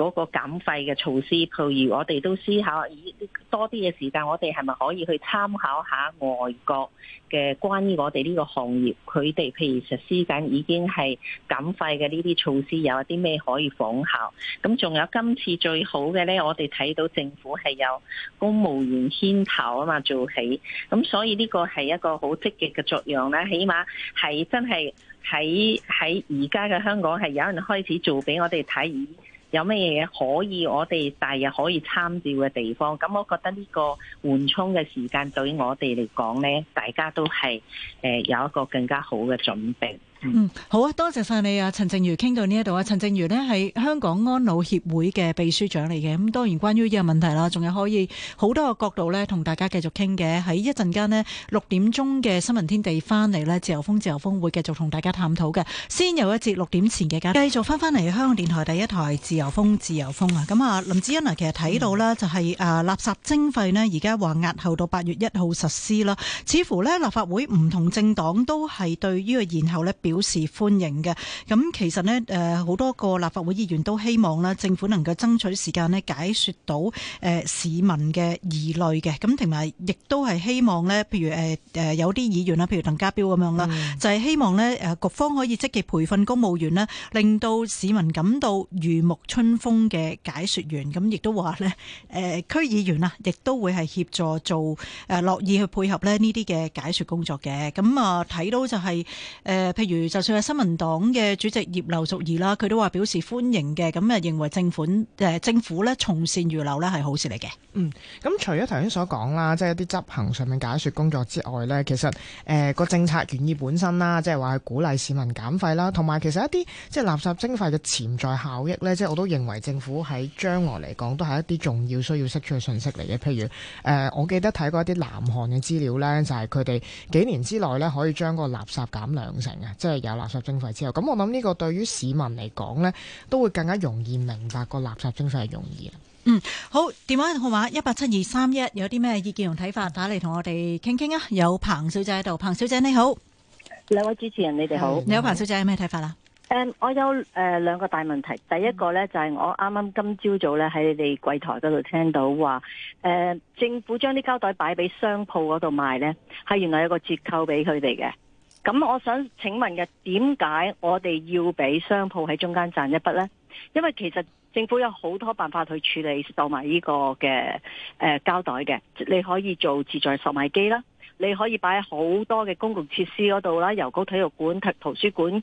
J: 嗰、那個減費嘅措施，譬如我哋都思考，以多啲嘅時間，我哋係咪可以去參考下外國嘅關於我哋呢個行業，佢哋譬如實施緊已經係減費嘅呢啲措施，有一啲咩可以仿效？咁仲有今次最好嘅呢，我哋睇到政府係有公務員牽頭啊嘛做起，咁所以呢個係一個好積極嘅作用啦。起碼係真係喺喺而家嘅香港係有人開始做俾我哋睇。有乜嘢可以我哋第日可以參照嘅地方？咁我覺得呢個緩衝嘅時間對於我哋嚟講咧，大家都係誒有一個更加好嘅準備。
A: 嗯，好啊，多謝晒你啊，陳靜如傾到呢一度啊，陳靜如呢係香港安老協會嘅秘書長嚟嘅，咁當然關於呢個問題啦，仲有可以好多個角度呢同大家繼續傾嘅，喺一陣間呢，六點鐘嘅新聞天地翻嚟呢，自由風自由風會繼續同大家探討嘅。先有一節六點前嘅間，繼續翻翻嚟香港電台第一台自由風自由風啊！咁啊，林志欣啊，其實睇到啦，就是，就係誒垃圾徵費呢。而家話押後到八月一號實施啦，似乎呢，立法會唔同政黨都係對於個延後呢。表示歡迎嘅，咁其實咧誒好多個立法會議員都希望咧，政府能夠爭取時間咧，解說到誒市民嘅疑慮嘅，咁同埋亦都係希望咧，譬如誒誒有啲議員啊，譬如鄧家彪咁樣啦，就係希望咧誒局方可以積極培訓公務員咧，令到市民感到如沐春風嘅解說員，咁亦都話咧誒區議員啊，亦都會係協助做誒樂意去配合咧呢啲嘅解說工作嘅，咁啊睇到就係誒譬如。就算係新民黨嘅主席葉劉淑儀啦，佢都話表示歡迎嘅，咁啊認為政府誒政府咧從善如流咧係好事嚟嘅。嗯，
B: 咁、嗯、除咗頭先所講啦，即係一啲執行上面解説工作之外咧，其實誒個、呃、政策原意本身啦，即係話鼓勵市民減費啦，同埋其實一啲即係垃圾徵費嘅潛在效益咧，即係我都認為政府喺將來嚟講都係一啲重要需要釋出嘅信息嚟嘅。譬如誒、呃，我記得睇過一啲南韓嘅資料咧，就係佢哋幾年之內咧可以將個垃圾減兩成嘅，即係。有垃圾徵費之後，咁我諗呢個對於市民嚟講呢，都會更加容易明白個垃圾徵費係容易。嗯，
A: 好，電話號碼一八七二三一，17231, 有啲咩意見同睇法，打嚟同我哋傾傾啊！有彭小姐喺度，彭小姐你好，
G: 兩位主持人你哋好，你好，你好嗯、你好你彭小姐有咩睇法啦？Um, 我有誒兩、呃、個大問題，第一個呢，就係、是、我啱啱今朝早呢喺你哋櫃台嗰度聽到話、呃，政府將啲膠袋擺俾商鋪嗰度賣呢，係原來有個折扣俾佢哋嘅。咁我想請問嘅，點解我哋要俾商鋪喺中間賺一筆呢？因為其實政府有好多辦法去處理售賣呢個嘅誒膠袋嘅，你可以做自助售賣機啦，你可以擺喺好多嘅公共設施嗰度啦，郵局、體育館、圖書館誒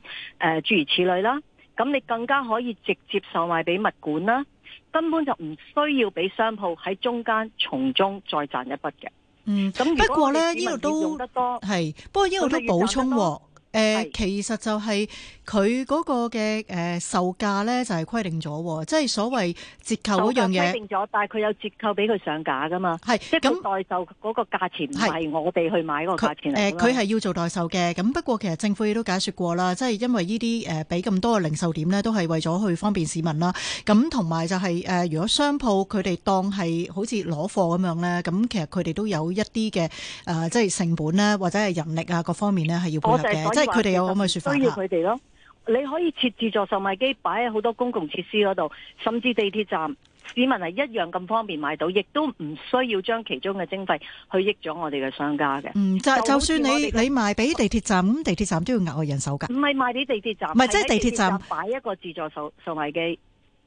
G: 諸如此類啦。咁你更加可以直接售賣俾物管啦，根本就唔需要俾商鋪喺中間從中再賺一筆嘅。
A: 嗯，咁不過咧，呢個都係，不過呢個都補充。誒、呃，其實就係佢嗰個嘅誒售價咧，就係規定咗，即係所謂折扣嗰樣嘢。規定
G: 咗，但係佢有折扣俾佢上架噶嘛？係即係代售嗰個價錢唔係我哋去買嗰個價錢嚟，佢係、
A: 呃、要做代售嘅。咁不過其實政府亦都解説過啦，即、就、係、是、因為呢啲誒俾咁多嘅零售點咧，都係為咗去方便市民啦。咁同埋就係、是、誒、呃，如果商鋪佢哋當係好似攞貨咁樣咧，咁其實佢哋都有一啲嘅誒，即係成本咧，或者係人力啊各方面咧係要配合嘅。即係佢哋有咁嘅說法，需要佢
G: 哋咯。你可以設自助售賣機擺喺好多公共設施嗰度，甚至地鐵站，市民係一樣咁方便買到，亦都唔需要將其中嘅徵費去益咗我哋嘅商家嘅。唔、嗯、就就算你
A: 你賣俾地鐵站，地鐵站都要額外人手噶。唔係
G: 賣俾地鐵站，唔係即係地鐵站擺一個自助售售賣機。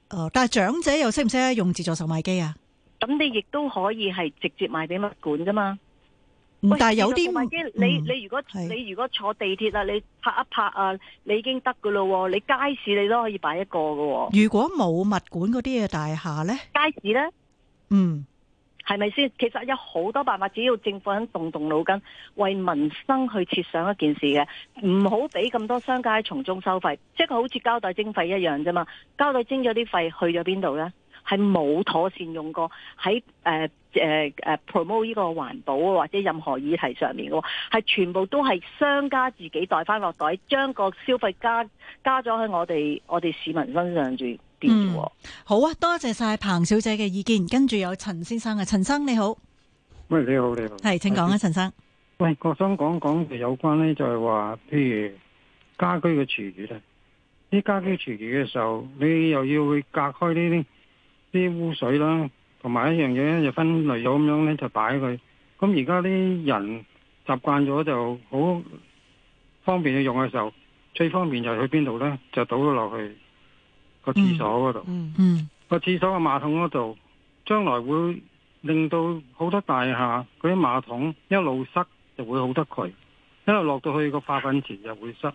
A: 哦，但係長者又識唔識用自助售賣機啊？
G: 咁你亦都可以係直接賣俾物管噶嘛？
A: 但係有啲、嗯，
G: 你你如果你如果坐地鐵啦，你拍一拍啊，你已經得噶咯喎！你街市你都可以擺一個噶喎。
A: 如果冇物管嗰啲嘅大廈咧，
G: 街市咧，嗯，係咪先？其實有好多辦法，只要政府肯動動腦筋，為民生去設想一件事嘅，唔好俾咁多商家從中收費，即係好似交代徵費一樣啫嘛。交代徵咗啲費去咗邊度咧？係冇妥善用過喺，誒誒誒 promote 呢個環保或者任何議題上面嘅，係全部都係商家自己袋翻落袋，將個消費加加咗喺我哋我哋市民身上住
A: 掂。嗯、好啊，多謝晒彭小姐嘅意見。跟住有陳先生啊，陳生你好。
K: 喂，你好你好。係，請講啊，陳生。喂，我想講講有關呢，就係話，譬如家居嘅廚餘咧，啲家居廚餘嘅時候，你又要去隔開呢啲。啲污水啦，同埋一樣嘢咧，就分類咗咁樣咧，就擺佢。咁而家啲人習慣咗就好方便去用嘅時候，最方便就係去邊度咧，就倒咗落去個廁所嗰度。嗯嗯，個廁所個馬桶嗰度，將來會令到好多大廈嗰啲馬桶一路塞，就會好得渠，一路落到去個化糞池就會塞，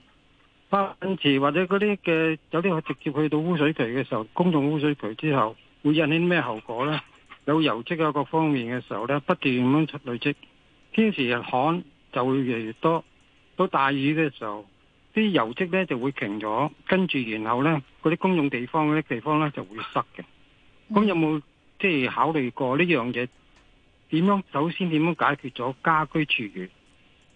K: 化糞池或者嗰啲嘅有啲佢直接去到污水渠嘅時候，公眾污水渠之後。會引起咩後果呢？有油漬啊，各方面嘅時候呢，不斷咁樣出累積，天時日旱就會越嚟越多。到大雨嘅時候，啲油漬呢就會停咗，跟住然後呢，嗰啲公用地方嗰啲地方呢就會塞嘅。咁有冇即係考慮過呢樣嘢？點樣首先點樣解決咗家居廚餘？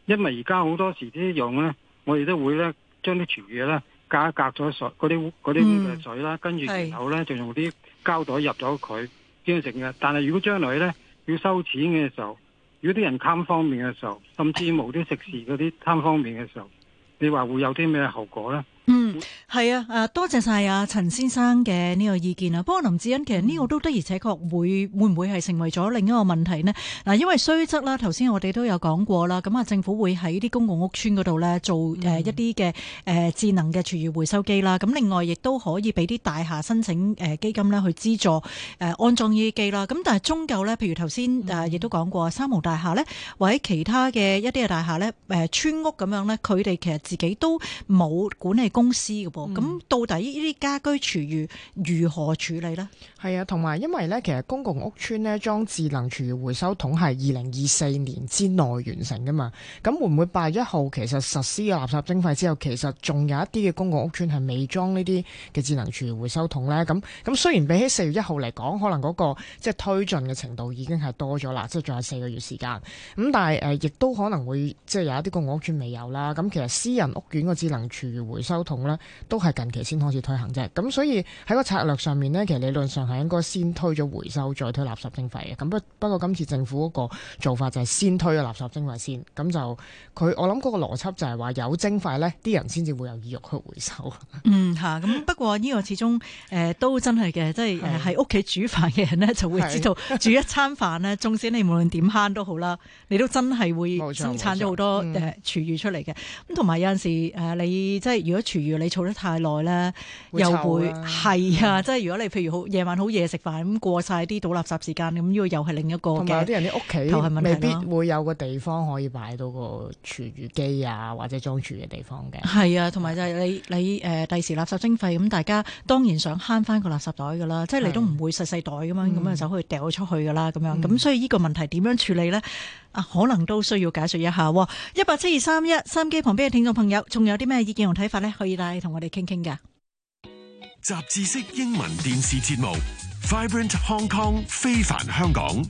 K: 因為而家好多時呢樣呢，我哋都會呢將啲廚餘呢加隔咗水，嗰啲嗰啲咁嘅水啦，跟住然後呢就用啲。膠袋入咗佢先食嘅，但係如果將來咧要收錢嘅時候，如果啲人貪方便嘅時候，甚至無端食肆嗰啲貪方便嘅時候，你話會有啲咩後果咧？
A: 嗯，係啊，多謝晒啊陳先生嘅呢個意見啊。不過林志欣，其實呢個都的而且確會會唔會係成為咗另一個問題咧？嗱，因為雖則啦，頭先我哋都有講過啦，咁啊，政府會喺啲公共屋邨嗰度咧做誒一啲嘅誒智能嘅廚餘回收機啦。咁、嗯、另外亦都可以俾啲大廈申請誒基金咧去資助誒安裝依啲機啦。咁、嗯嗯、但係終究咧，譬如頭先誒亦都講過、嗯，三無大廈咧，或者其他嘅一啲嘅大廈咧，誒村屋咁樣咧，佢哋其實自己都冇管理。公司嘅噃，咁、嗯、到底呢啲家居廚餘
B: 如何處理咧？係啊，同埋因為咧，其實公共屋邨咧裝智能廚餘回收桶係二零二四年之內完成噶嘛。咁會唔會八月一號其實實施嘅垃圾徵費之後，其實仲有一啲嘅公共屋邨係未裝呢啲嘅智能廚餘回收桶咧？咁咁雖然比起四月一號嚟講可能嗰個即係推進嘅程度已經係多咗啦，即係仲有四個月時間，咁但係誒亦都可能會即係有一啲公共屋邨未有啦。咁其實私人屋苑嘅智能廚餘回收。同呢都係近期先開始推行啫，咁所以喺個策略上面呢，其實理論上係應該先推咗回收，再推垃圾徵費嘅。咁不不過今次政府嗰個做法就係先推咗垃圾徵費先，咁就佢我諗嗰個邏輯就係話有徵費呢，啲人先至會有意欲去回收。嗯，嚇咁
A: 不過呢個始終誒、呃、都真係嘅，即係喺屋企煮飯嘅人呢，就會知道，煮一餐飯呢，縱 (laughs) 使你無論點慳都好啦，你都真係會生產咗好多誒、嗯呃、廚餘出嚟嘅。咁同埋有陣時誒你、呃、即係如果。廚餘你儲得太耐咧，會臭啊，又會係啊！嗯，即係如果你譬如好夜晚好夜食飯咁，過晒啲倒垃圾時間咁，呢個又係另一個嘅。同埋啲人啲屋企未必
B: 會有個地方可以擺到個廚餘機啊，或者裝廚嘅地方嘅。係，
A: 嗯，啊，同埋就係你你誒，第時垃圾徵費咁，大家當然想慳翻個垃圾袋噶啦，即係你都唔會細細袋咁，嗯，樣咁就可以掉出去噶啦咁樣。咁，嗯嗯，所以呢個問題點樣處理咧？啊，可能都需要解釋一下。一八七二三一，收音機旁邊嘅聽眾朋友，仲有啲咩意見同睇法咧？可以帶你同我哋傾傾噶。
L: 雜誌式
E: 英文電視節目。Vibrant Hong Kong，非凡香港。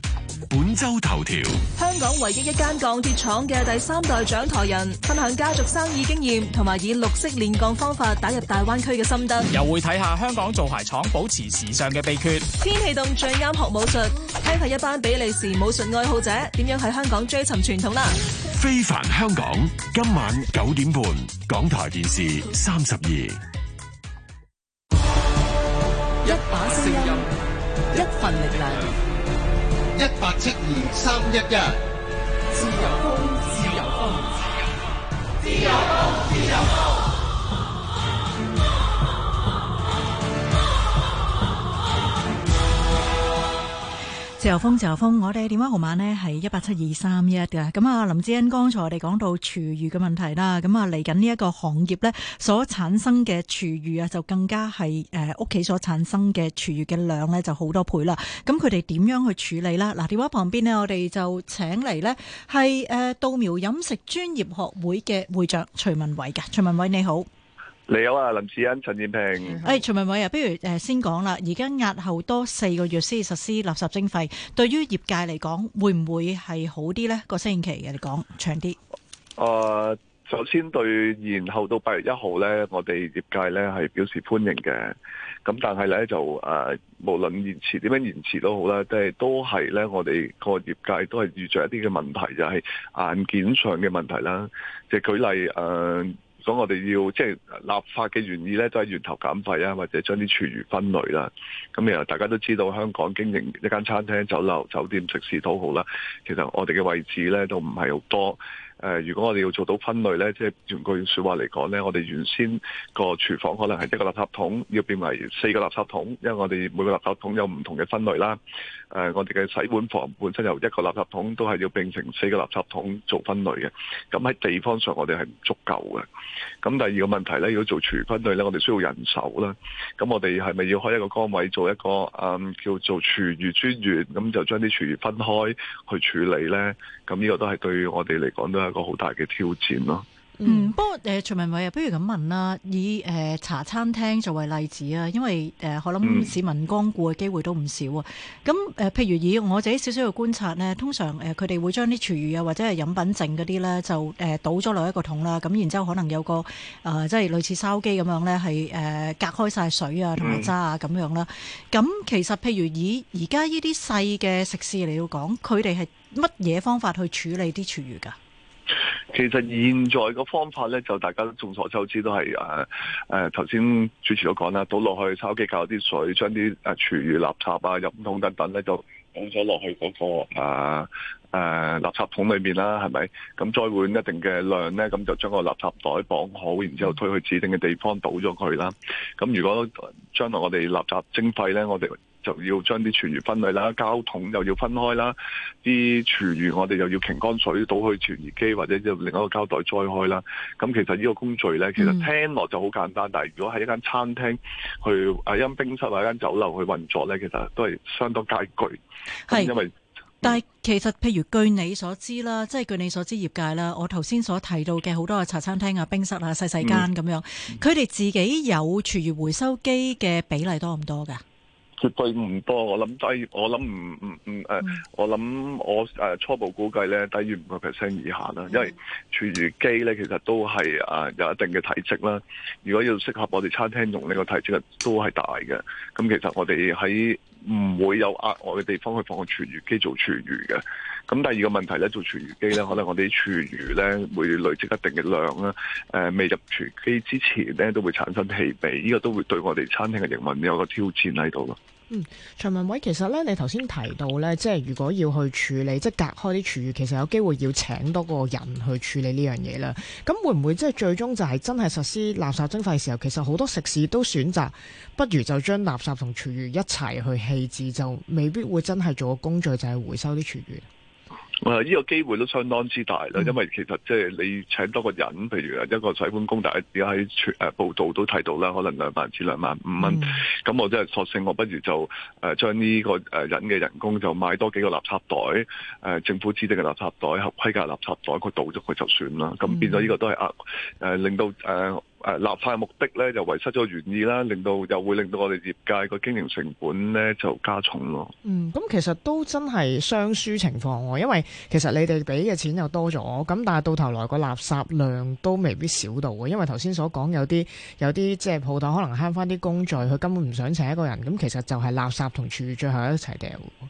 E: 本周頭條：
I: 香港唯一一間鋼鐵廠嘅第三代掌舵人，分享家族生意經驗同埋以綠色煉鋼方法打入大灣區嘅心得。又會睇
B: 下香港造鞋廠保持時尚嘅秘訣。
I: 天氣凍，最啱學武術。聽下一班比利時武術愛好者點樣喺香港追尋傳統啦。
E: 非凡香港，今晚九點半，港台電視三十二。一
B: 把聲音。一份力量，一八七二
F: 三一一，自由風，自由風，自
H: 由風，自由風，自由風。自
A: 自由風，自由風，我哋電話號碼呢係一八七二三一噶。咁啊，林志恩剛才我哋講到廚餘嘅問題啦。咁啊，嚟緊呢一個行業呢所產生嘅廚餘啊，就更加係誒屋企所產生嘅廚餘嘅量呢就好多倍啦。咁佢哋點樣去處理啦？嗱，電話旁邊呢我哋就請嚟呢係誒稻苗飲食專業學會嘅會長徐汶緯噶。徐汶緯你好。
L: 你好啊，林志恩、陳燕平。誒、哎，徐
A: 汶緯啊，不如誒先講啦。而家押後多四個月先實施垃圾徵費，對於業界嚟講，會唔會係好啲咧？個適應期嘅，你講長啲。誒、
L: 呃，首先對延後到八月一號咧，我哋業界咧係表示歡迎嘅。咁但係咧就誒、呃，無論延遲點樣延遲都好啦，都係都係咧，我哋個業界都係遇着一啲嘅問題，就係、是、硬件上嘅問題啦。即、就、係、是、舉例誒。呃咁我哋要即係立法嘅原意咧，都係源頭減廢啊，或者將啲廚餘分類啦。咁然後大家都知道，香港經營一間餐廳、酒樓、酒店、食肆都好啦。其實我哋嘅位置咧都唔係好多。誒、呃，如果我哋要做到分類呢，即、就、係、是、句話說話嚟講呢，我哋原先個廚房可能係一個垃圾桶，要變為四個垃圾桶，因為我哋每個垃圾桶有唔同嘅分類啦。誒、呃，我哋嘅洗碗房本身由一個垃圾桶，都係要變成四個垃圾桶做分類嘅。咁喺地方上我，我哋係唔足夠嘅。咁第二個問題呢，如果做廚餘分類呢，我哋需要人手啦。咁我哋係咪要開一個崗位做一個、嗯、叫做廚餘專員，咁就將啲廚餘分開去處理呢？咁呢個都係對我哋嚟講都係一個好大嘅挑戰咯。嗯，
A: 不過誒，徐汶緯啊，不如咁問啦，以誒、呃、茶餐廳作為例子啊，因為誒、呃、可能市民光顧嘅機會都唔少啊。咁、嗯、誒、呃，譬如以我自己少少嘅觀察呢，通常誒佢哋會將啲廚餘啊，或者係飲品剩嗰啲咧，就誒、呃、倒咗落一個桶啦。咁然之後可能有個誒、呃，即係類似燒機咁樣咧，係誒、呃、隔開晒水啊同埋渣啊咁、嗯、樣啦。咁其實譬如以而家呢啲細嘅食肆嚟到講，佢哋係乜嘢方法去處理啲廚餘噶？
L: 其實現在個方法咧，就大家眾所周知都係誒誒，頭、啊、先、啊、主持都講啦，倒落去炒機靠啲水，將啲誒廚餘垃圾啊、飲桶等等咧，就倒咗落去嗰、那個誒誒垃圾桶裏面啦，係咪？咁再換一定嘅量咧，咁就將個垃圾袋綁好，然之後推去指定嘅地方倒咗佢啦。咁如果將來我哋垃圾徵費咧，我哋。就要將啲廚餘分類啦，膠桶又要分開啦，啲廚餘我哋又要擎乾水倒去廚餘機，或者用另一個膠袋再開啦。咁其實呢個工序咧，其實聽落就好簡單，嗯、但係如果喺一間餐廳去啊飲冰室或一間酒樓去運作咧，其實都係相當艱鉅，
A: 係因為，但係其實譬如據你所知啦，即係據你所知業界啦，我頭先所提到嘅好多嘅茶餐廳啊、冰室啊、細細間咁樣，佢、嗯、哋自己有廚餘回收機嘅比例多唔多㗎？
L: 絕對唔多，我諗低，我諗唔唔唔誒，我諗我誒初步估計咧低於五個 percent 以下啦，因為廚餘機咧其實都係誒有一定嘅體積啦，如果要適合我哋餐廳用呢個體積都係大嘅，咁其實我哋喺唔會有額外嘅地方去放個廚餘機做廚餘嘅。咁第二個問題咧，做廚餘機咧，可能我哋啲廚餘咧會累積一定嘅量啦。呃，未入廚餘機之前咧，都會產生氣味，呢個都會對我哋餐廳嘅營運有個挑戰喺度咯。嗯，
B: 徐汶緯，其實咧，你頭先提到咧，即係如果要去處理，即係隔開啲廚餘，其實有機會要請多個人去處理呢樣嘢啦。咁會唔會即係最終就係真係實施垃圾徵費嘅時候，其實好多食肆都選擇不如就將垃圾同廚餘一齊去棄置，就未必會真係做個工序就係回收啲廚餘？
L: 呢係依個機會都相當之大啦，因為其實即係你請多個人，譬如一個洗碗工大，大家而家喺誒報道都睇到啦，可能兩萬至兩萬五蚊。咁、嗯、我真係索性，我不如就誒將呢個誒人嘅人工就買多幾個垃圾袋，誒、呃、政府指定嘅垃圾袋、合規格垃圾袋，佢倒咗佢就算啦。咁、嗯、變咗呢個都係呃誒，令到誒。呃誒立法嘅目的咧，就遺失咗原意啦，令到又會令到我哋業界個經營成本咧就加重咯。嗯，
B: 咁其實都真係雙輸情況。哦，因為其實你哋俾嘅錢又多咗，咁但係到頭來個垃圾量都未必少到，因為頭先所講有啲有啲即係鋪頭可能慳翻啲工序，佢根本唔想請一個人，咁其實就係垃圾同處最後一齊掉。呢，嗯，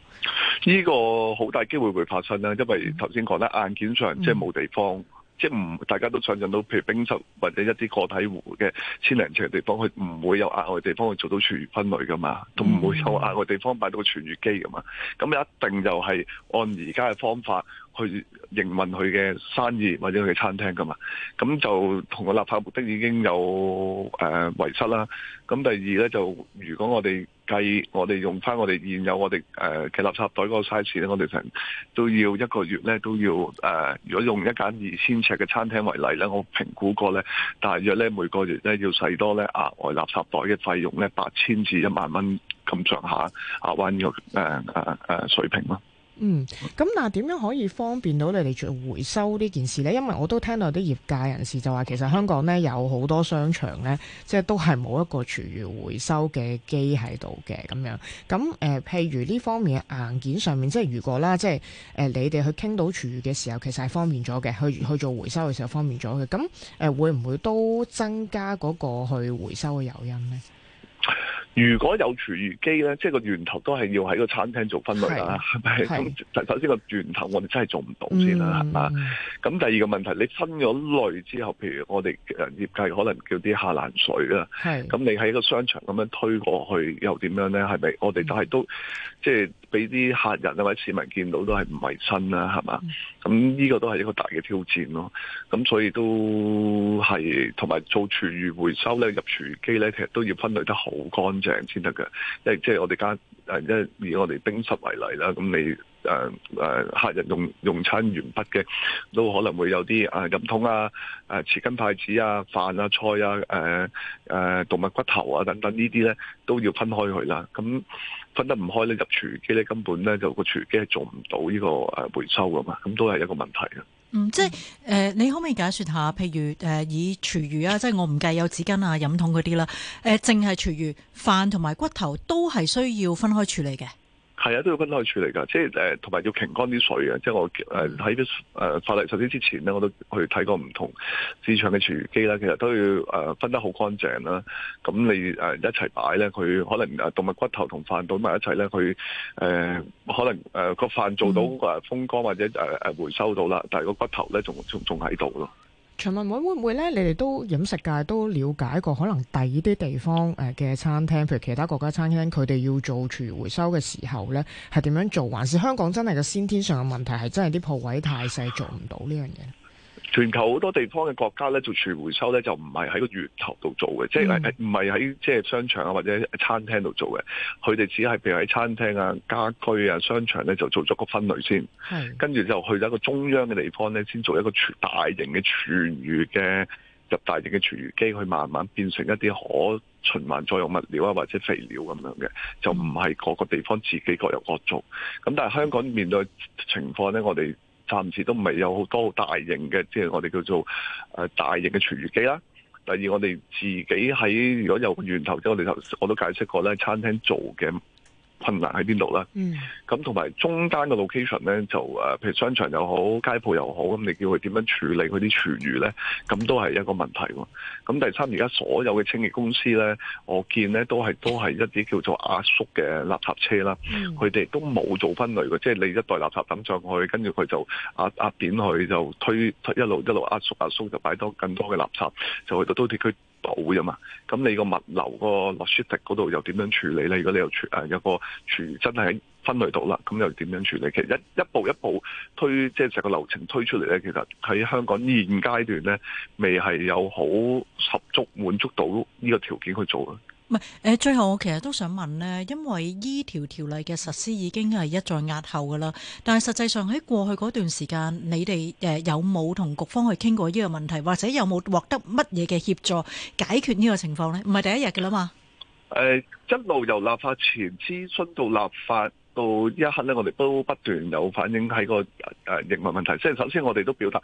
L: 這個好大機會會發生啦，因為頭先講得硬件上，嗯、即係冇地方。即係唔，大家都想像到，譬如冰室或者一啲個體戶嘅千零尺地方，佢唔會有額外的地方去做到廚餘分類㗎嘛，都唔會有額外的地方擺到廚餘機㗎嘛。咁一定就係按而家嘅方法去營運佢嘅生意或者佢嘅餐廳㗎嘛。咁就同個立法目的已經有誒遺失啦。咁第二咧，就如果我哋計我哋用翻我哋現有我哋誒嘅垃圾袋嗰個 size 咧，我哋成都要一個月咧都要誒，如果用一間二千呎嘅餐廳為例咧，我評估過咧，大約咧每個月咧要使多咧額外垃圾袋嘅費用咧八千至一萬蚊咁上下啊，額外誒水平咯。
B: 嗯，咁嗱，點樣可以方便到你哋做回收呢件事呢？因為我都聽到有啲業界人士就話，其實香港呢有好多商場呢，即係都係冇一個廚餘回收嘅機喺度嘅咁樣。咁誒、呃，譬如呢方面硬件上面，即係如果啦，即係誒、呃，你哋去傾到廚餘嘅時候，其實係方便咗嘅；去去做回收嘅時候，方便咗嘅。咁誒、呃，會唔會都增加嗰個去回收嘅誘因呢？
L: 如果有廚餘機咧，即係個源頭都係要喺個餐廳做分類啦，係咪？咁首先個源頭我哋真係做唔到先啦，係、嗯、嘛？咁第二個問題，你分咗類之後，譬如我哋誒業界可能叫啲下欄水啦，咁你喺個商場咁樣推過去又點樣咧？係咪？我哋就係都、嗯、即係。俾啲客人啊或者市民見到都係唔衞生啦，係嘛？咁呢個都係一個大嘅挑戰咯。咁所以都係同埋做廚餘回收咧，入廚餘機咧，其實都要分類得好乾淨先得㗎。即係即係我哋家誒，以我哋冰室為例啦。咁你、啊、客人用用餐完畢嘅，都可能會有啲啊飲桶啊、誒匙羹筷子啊、飯啊、菜啊、啊動物骨頭啊等等呢啲咧，都要分開佢啦。咁。分得唔開咧，入廚餘機咧根本咧就廚機是做不到、這個廚餘機係做唔到呢個誒回收㗎嘛，咁都係一個問題啊。嗯，
A: 即係誒、呃，你可唔可以解釋下，譬如誒、呃、以廚餘啊，即係我唔計有紙巾啊、飲桶嗰啲啦，誒，淨係廚餘飯同埋骨頭都係需要分開處理嘅？
L: 係啊，都要分開處理㗎，即係誒同埋要瀝乾啲水啊！即係我誒喺啲誒法例實施之前咧，我都去睇過唔同市場嘅廚餘機啦，其實都要誒分得好乾淨啦。咁你誒一齊擺咧，佢可能誒動物骨頭同飯倒埋一齊咧，佢誒可能誒個飯做到誒風乾或者誒回收到啦，嗯，但係個骨頭咧仲仲仲喺度咯。
B: 循環會唔會咧？你哋都飲食界都了解過，可能第二啲地方嘅餐廳，譬如其他國家餐廳，佢哋要做廚餘回收嘅時候咧，係點樣做？還是香港真係個先天上嘅問題，係真係啲鋪位太細，做唔到呢樣嘢？
L: 全球好多地方嘅國家咧，做廚回收咧，就唔係喺個源頭度做嘅，即係唔係喺即係商場啊或者餐廳度做嘅，佢哋只係譬如喺餐廳啊、家居啊、商場咧就做咗個分類先，跟住就去咗一個中央嘅地方咧先做一個廚大型嘅廚餘嘅入大型嘅廚餘機去慢慢變成一啲可循環再用物料啊或者肥料咁樣嘅，就唔係個個地方自己各有各做。咁但係香港面對情況咧，我哋。暫時都唔係有好多大型嘅，即係我哋叫做誒大型嘅廚餘機啦。第二，我哋自己喺如果有源頭，即係我哋頭我都解釋過咧，餐廳做嘅。困難喺邊度咧？咁同埋中間嘅 location 咧，就誒、呃，譬如商場又好，街鋪又好，咁你叫佢點樣處理佢啲廚餘咧？咁都係一個問題喎。咁第三，而家所有嘅清潔公司咧，我見咧都係都係一啲叫做壓縮嘅垃圾車啦，佢、嗯、哋都冇做分類嘅、嗯，即係你一袋垃圾抌上去，跟住佢就壓壓扁佢，就推一路一路壓縮壓縮，就擺多更多嘅垃圾，就去到堆填區。啫嘛，咁你個物流個 logistics 嗰度又點樣處理咧？如果你又有存誒有個存真係分類到啦，咁又點樣處理？其實一一步一步推，即係成個流程推出嚟咧，其實喺香港現階段咧，未係有好十足滿足到呢個條件去做。
A: 唔係，誒，最後我其實都想問呢，因為呢條條例嘅實施已經係一再壓後噶啦，但係實際上喺過去嗰段時間，你哋誒有冇同局方去傾過呢個問題，或者有冇獲得乜嘢嘅協助解決呢個情況呢？唔係第一日噶啦嘛。
L: 誒、呃，一路由立法前諮詢到立法。到呢一刻咧，我哋都不斷有反映喺個誒污染物問題。即係首先，我哋都表達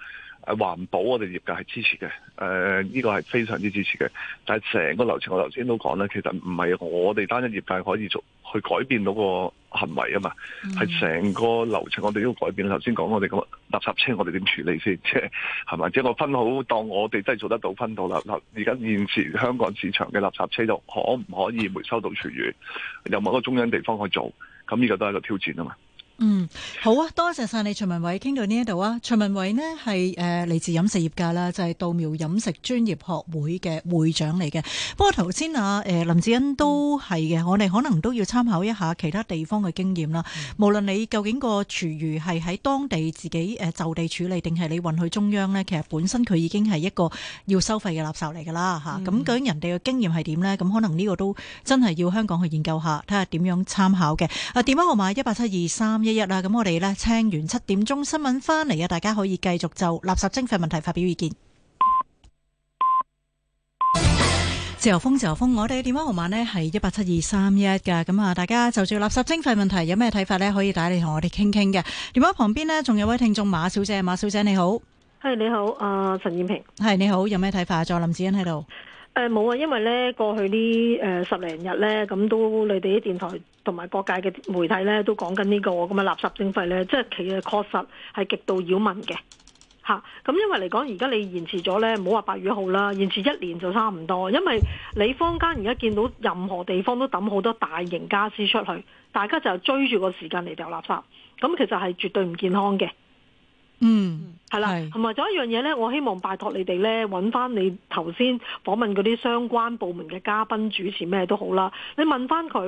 L: 環保，我哋業界係支持嘅。誒，呢個係非常之支持嘅。但係成個流程，我頭先都講咧，其實唔係我哋單一業界可以做去改變到個行為啊嘛。係，mm. 成個流程，我哋都要改變。頭先講我哋個垃圾車，我哋點處理先？即係係咪？即係我分好，當我哋真係做得到分到垃圾。而家現時香港市場嘅垃圾車就可唔可以回收到廚餘有某個中央地方去做？咁呢個都係一個挑戰啊嘛。
A: 嗯，好啊，多謝晒你徐汶緯，傾到呢一度啊。徐汶緯呢係誒嚟自飲食業界啦，就係、是、稻苗飲食專業學會嘅會長嚟嘅。不過頭先啊，誒、呃、林志欣都係嘅、嗯，我哋可能都要參考一下其他地方嘅經驗啦、嗯。無論你究竟個廚餘係喺當地自己誒就地處理，定係你運去中央呢，其實本身佢已經係一個要收費嘅垃圾嚟噶啦吓。咁、嗯、究竟人哋嘅經驗係點呢？咁可能呢個都真係要香港去研究一下，睇下點樣參考嘅。啊，電話號碼一八七二三一。1, 8, 7, 2, 3, 一日啦，咁我哋呢聽完七點鐘新聞翻嚟嘅，大家可以繼續就垃圾徵費問題發表意見。自由風，自由風，我哋嘅電話號碼呢係一八七二三一噶。咁啊，大家就住垃圾徵費問題有咩睇法呢，可以打嚟同我哋傾傾嘅。電話旁邊呢仲有位聽眾馬小姐，馬小姐你好，
I: 係你好，阿陳燕萍，係
A: 你好，有咩睇法？在林子欣喺度。
I: 誒，冇啊，因為咧過去、呃、呢誒十零日咧，咁都你哋啲電台同埋各界嘅媒體咧，都講緊、這、呢個咁嘅、這個、垃圾徵費咧，即係其實確實係極度擾民嘅，吓、啊，咁因為嚟講而家你延遲咗咧，唔好話八月一號啦，延遲一年就差唔多，因為你坊間而家見到任何地方都抌好多大型家私出去，大家就追住個時間嚟丟垃圾，咁其實係絕對唔健康嘅。嗯，係啦，同埋仲有一樣嘢呢，我希望拜託你哋呢，揾翻你頭先訪問嗰啲相關部門嘅嘉賓主持咩都好啦，你問翻佢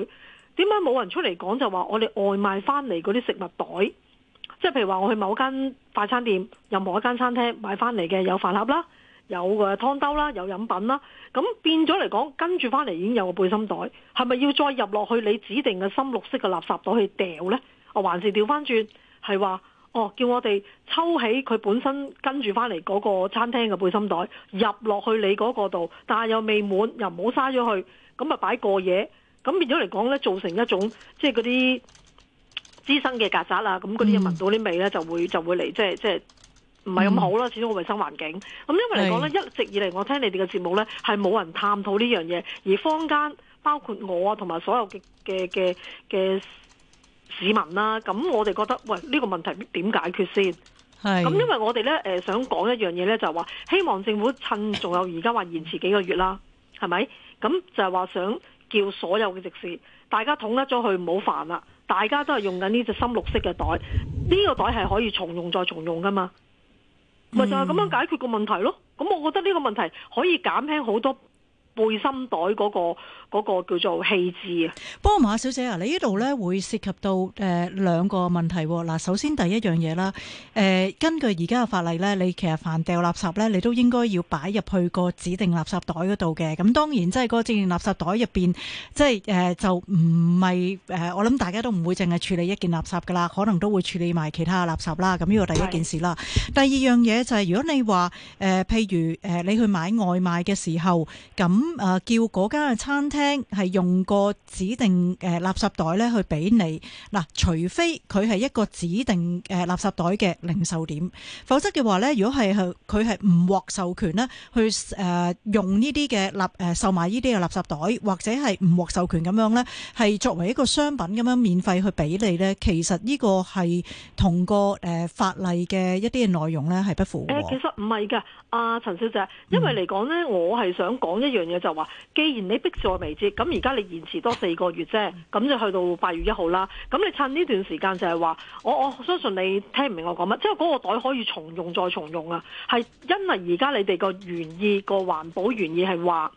I: 點解冇人出嚟講就話我哋外賣返嚟嗰啲食物袋，即係譬如話我去某間快餐店，任何一間餐廳買返嚟嘅有飯盒啦，有個湯兜啦，有飲品啦，咁變咗嚟講跟住返嚟已經有個背心袋，係咪要再入落去你指定嘅深綠色嘅垃圾袋去掉呢？我還是掉返轉係話？哦，叫我哋抽起佢本身跟住返嚟嗰個餐廳嘅背心袋入落去你嗰個度，但係又未滿，又唔好嘥咗佢，咁啊擺過夜，咁變咗嚟講呢，造成一種即係嗰啲滋生嘅曱甴啦，咁嗰啲嘢聞到啲味呢，就會就會嚟，即係即係唔係咁好啦、嗯，始終個衛生環境。咁因為嚟講呢，一直以嚟我聽你哋嘅節目呢，係冇人探討呢樣嘢，而坊間包括我啊，同埋所有嘅嘅嘅嘅。市民啦、啊，咁我哋覺得，喂，呢、這個問題點解決先？
H: 係。咁因為
I: 我哋咧、呃，想講一樣嘢咧，就係、是、話希望政府趁仲有而家話延遲幾個月啦，係咪？咁就係話想叫所有嘅食肆，大家統一咗佢唔好煩啦，大家都係用緊呢隻深綠色嘅袋，呢、這個袋係可以重用再重用噶嘛，
B: 咪就係、是、咁樣解
I: 決個問題咯。咁、嗯、我覺得呢個問題可以減輕好多。背心袋嗰、那個、那個叫做棄置。不過
A: 馬小姐啊，你呢度咧會涉及到誒兩、呃、個問題，啊。嗱，首先第一樣嘢啦，誒、呃，根據而家嘅法例咧，你其實凡掉垃圾咧，你都應該要擺入去個指定垃圾袋嗰度嘅。咁當然，即係個指定垃圾袋入邊，即係誒就唔係誒，我諗大家都唔會淨係處理一件垃圾噶啦，可能都會處理埋其他垃圾啦。咁呢個第一件事啦。第二樣嘢就係、是，如果你話誒、呃，譬如誒、呃，你去買外賣嘅時候咁。咁、嗯、叫嗰間餐廳係用個指定誒垃圾袋咧去俾你嗱，除非佢係一個指定誒垃圾袋嘅零售點，否則嘅話咧，如果係係佢係唔獲授權咧，去誒、呃、用呢啲嘅垃誒售賣呢啲嘅垃圾袋，或者係唔獲授權咁樣咧，係作為一個商品咁樣免費去俾你咧，其實呢個係同個誒法例嘅一啲嘅內容咧係不符誒，其
I: 實唔係㗎。啊，陳小姐，因為嚟講呢，我係想講一樣嘢，就話，既然你迫在眉睫，咁而家你延遲多四個月啫，咁就去到八月一號啦。咁你趁呢段時間就係話，我我相信你聽唔明我講乜，即係嗰個袋可以重用再重用啊，係因為而家你哋個原意個環保原意係話。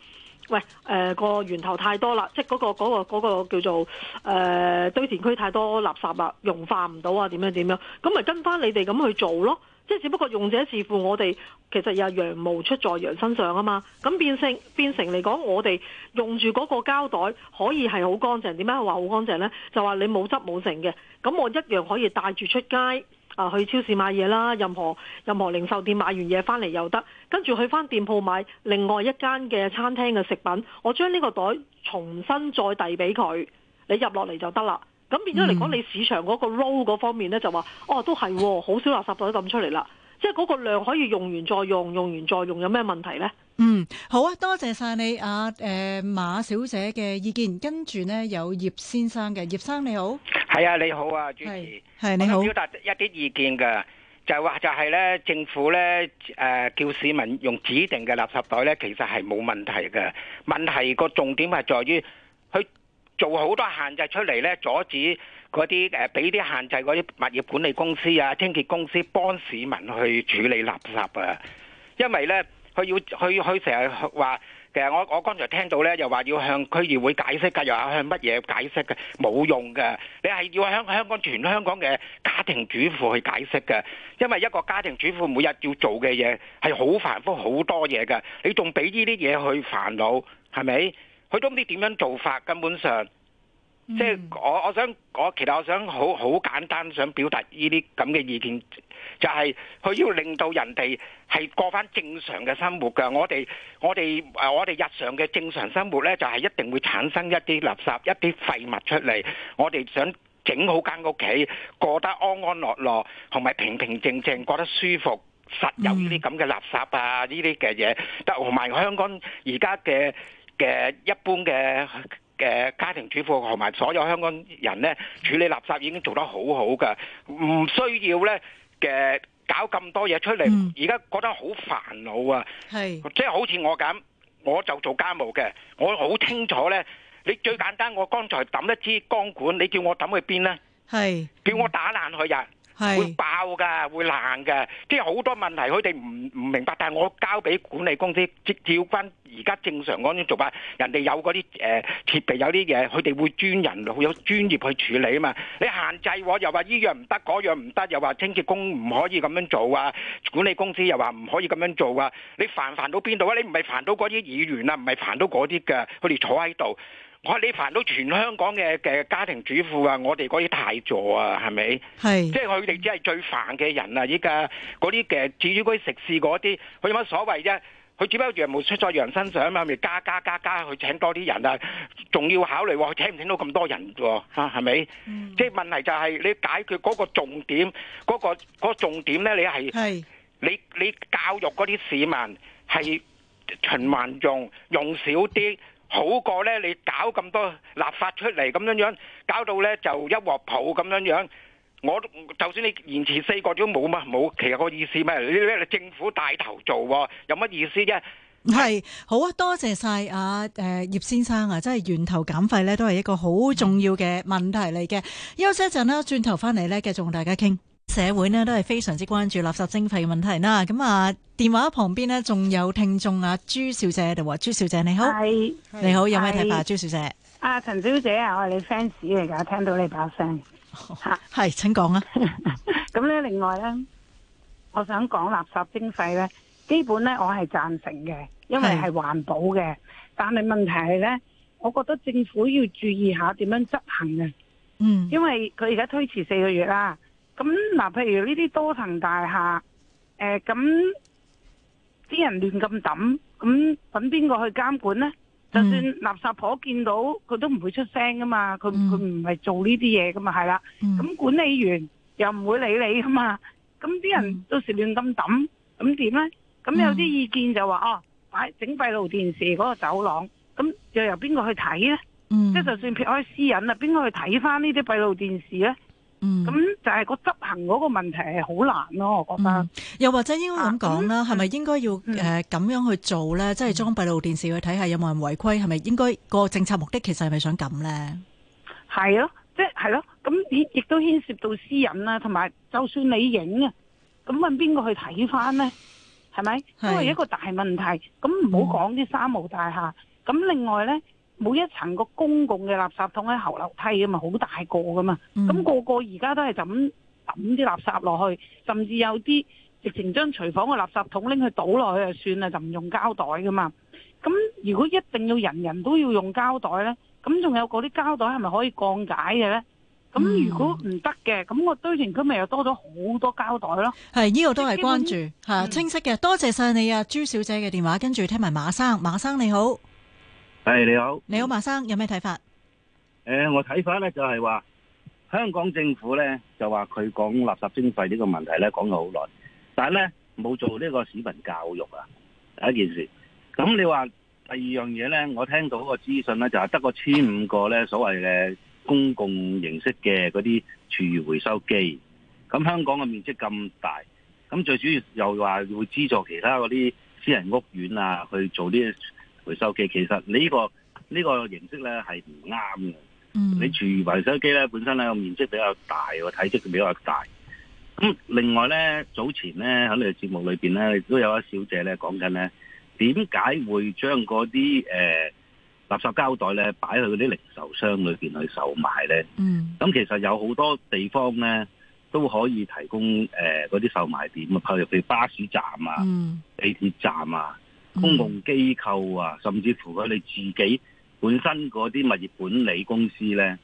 I: 喂，誒、呃嗰個源頭太多啦，即嗰、嗰個嗰嗰、嗰個嗰個、叫做誒、呃、堆填區太多垃圾啦，融化唔到啊，點樣點樣？咁咪跟翻你哋咁去做咯，即只不過用者自負我，我哋其實又羊毛出在羊身上啊嘛。咁變成變成嚟講，我哋用住嗰個膠袋可以係好乾淨，點解話好乾淨呢？就話你冇執冇剩嘅，咁我一樣可以帶住出街。啊！去超市買嘢啦，任何任何零售店買完嘢返嚟又得，跟住去返店鋪買另外一間嘅餐廳嘅食品，我將呢個袋重新再遞俾佢，你入落嚟就得啦。咁變咗嚟講，你市場嗰個 Row 嗰方面呢，就話，啊、都哦都係，好少垃圾袋抌出嚟啦。即係嗰個量可以用完再用，用完再用有咩問題呢？
A: 嗯，好啊，多謝晒你啊，誒、呃、馬小姐嘅意見。跟住呢有葉先生嘅，葉生你好。
M: 係啊，你好啊，主持。係你好。我想表達一啲意見嘅，就話、係、就係、係、呢，政府呢、呃、叫市民用指定嘅垃圾袋呢，其實係冇問題嘅。問題個重點係在於，佢做好多限制出嚟呢，阻止。嗰啲誒俾啲限制嗰啲物業管理公司啊、清潔公司幫市民去處理垃圾啊，因為咧佢要佢佢成日話，其實我我剛才聽到咧，又話要向區議會解釋嘅，又話向乜嘢解釋嘅，冇用嘅。你係要向香港全香港嘅家庭主婦去解釋嘅，因為一個家庭主婦每日要做嘅嘢係好繁複、好多嘢嘅，你仲俾呢啲嘢去煩惱，係咪？佢都唔知點樣做法根本上？即係我我想我其實我想好好簡單想表達呢啲咁嘅意見，就係佢要令到人哋係過返正常嘅生活㗎。我哋我哋誒我哋日常嘅正常生活咧，就係一定會產生一啲垃圾、一啲廢物出嚟。我哋想整好間屋企，過得安安樂樂，同埋平平靜靜，過得舒服，實有呢啲咁嘅垃圾啊，呢啲嘅嘢。但同埋香港而家嘅嘅一般嘅。嘅家庭主婦同埋所有香港人咧，處理垃圾已經做得好好㗎，唔需要呢嘅搞咁多嘢出嚟。而家覺得好煩惱啊！係、嗯，即係好似我咁，我就做家務嘅，我好清楚呢，你最簡單，我剛才抌一支光管，你叫我抌去邊呢？
A: 係，
M: 叫我打爛佢呀！會爆噶，會爛噶，即係好多問題佢哋唔唔明白，但係我交俾管理公司即照翻而家正常嗰種做法，人哋有嗰啲誒設備，有啲嘢，佢哋會專人會有專業去處理啊嘛。你限制我，又話呢樣唔得，嗰樣唔得，又話清潔工唔可以咁樣做啊，管理公司又話唔可以咁樣做啊，你煩煩到邊度啊？你唔係煩到嗰啲議員啊，唔係煩到嗰啲嘅，佢哋坐喺度。我哋煩到全香港嘅嘅家庭主婦啊，我哋嗰啲太座啊，係咪？係。即係佢哋只係最煩嘅人啊！依家嗰啲嘅至於嗰啲食肆嗰啲，佢有乜所謂啫、啊？佢只不過羊毛出在羊身上啊嘛，咪加加加加，加去請多啲人啊！仲要考慮請唔請到咁多人喎、啊？嚇，係、嗯、咪？即係問題就係你解決嗰個重點，嗰、嗰個嗰個重點咧，你係。係。你你教育嗰啲市民係循環用用少啲。好過咧，你搞咁多立法出嚟咁樣樣，搞到咧就一鑊泡咁樣樣。我就算你延遲四個月都冇嘛冇，其實個意思咪你政府帶頭做，有乜意思啫？
A: 係好啊，多謝晒啊，誒葉先生啊，真係源頭減廢咧，都係一個好重要嘅問題嚟嘅。休息一陣啦，轉頭翻嚟咧，繼續同大家傾。社會咧，都係非常之關注垃圾徵費嘅問題啦。咁啊～電話旁邊咧，仲有聽眾啊，朱小姐喺度。朱小姐你好，係你好，有咩睇法？朱小姐，
N: 啊陳小姐啊，我係你 fans 嚟噶，聽到你把聲吓，係、哦，請講啊。咁咧，另外咧，我想講垃圾徵費咧，基本咧，我係贊成嘅，因為係環保嘅。但係問題係咧，我覺得政府要注意下點樣執行啊。嗯，因為佢而家推遲四個月啦。咁嗱，譬如呢啲多層大廈，誒、呃、咁。啲人亂咁抌，咁揾邊個去監管呢？Mm. 就算垃圾婆見到佢都唔會出聲噶嘛，佢佢唔係做呢啲嘢噶嘛，係啦。咁、mm. 管理員又唔會理你噶嘛，咁啲人到時亂咁抌，咁點呢？咁有啲意見就話「哦，擺整閉路電視嗰個走廊，咁又由邊個去睇呢？即、mm. 係就算撇開私隱啦，邊個去睇翻呢啲閉路電視呢？」嗯，咁就係個執行嗰個問題係好難咯，我覺得。又或者應該咁講啦，係咪應該要誒咁樣去做咧？即係
A: 裝閉路電視去睇下有冇人違規，係咪應該個政策目的其實係咪想咁咧？
N: 係咯，即係咯，咁亦亦都牽涉到私隱啦，同埋就算你影啊，咁問邊個去睇翻咧？係咪？都係一個大問題。咁唔好講啲三無大廈。咁另外咧。每一層個公共嘅垃圾桶喺後樓梯噶嘛，好大個噶嘛，咁個個而家都係就咁抌啲垃圾落去，甚至有啲直情將廚房嘅垃圾桶拎去倒落去就算啦，就唔用膠袋噶嘛。咁如果一定要人人都要用膠袋呢，咁仲有嗰啲膠袋係咪可以降解嘅呢？咁如果唔得嘅，咁我堆填區咪又多咗好多膠袋
A: 咯。係，呢個都係關注吓，清晰嘅。多謝晒你啊，朱小姐嘅電話，跟住聽埋馬生，馬生你好。
H: 係、hey，你好，
A: 你好，馬生有咩睇法？
H: 誒、呃，我睇法咧就係、是、話香港政府咧就話佢講垃圾徵費呢個問題咧講咗好耐，但係咧冇做呢個市民教育啊，第一件事。咁你話第二樣嘢咧，我聽到個資訊咧就係、是、得個千五個咧所謂嘅公共形式嘅嗰啲廚餘回收機。咁香港嘅面積咁大，咁最主要又話會資助其他嗰啲私人屋苑啊去做啲。回收機其實你呢、呢個呢、呢個形式咧係唔啱嘅。你廚餘回收機咧本身咧個面積比較大，個體積比較大。咁另外咧早前咧喺你嘅節目裏邊咧亦都有一小姐咧講緊咧點解會將嗰啲誒垃圾膠袋咧擺去嗰啲零售商裏邊去售賣咧？咁、嗯、其實有好多地方咧都可以提供誒嗰啲售賣點啊，例如巴士站啊、嗯、地鐵站啊。公共機構啊，甚至乎佢哋自己本身嗰啲物業管理公司咧，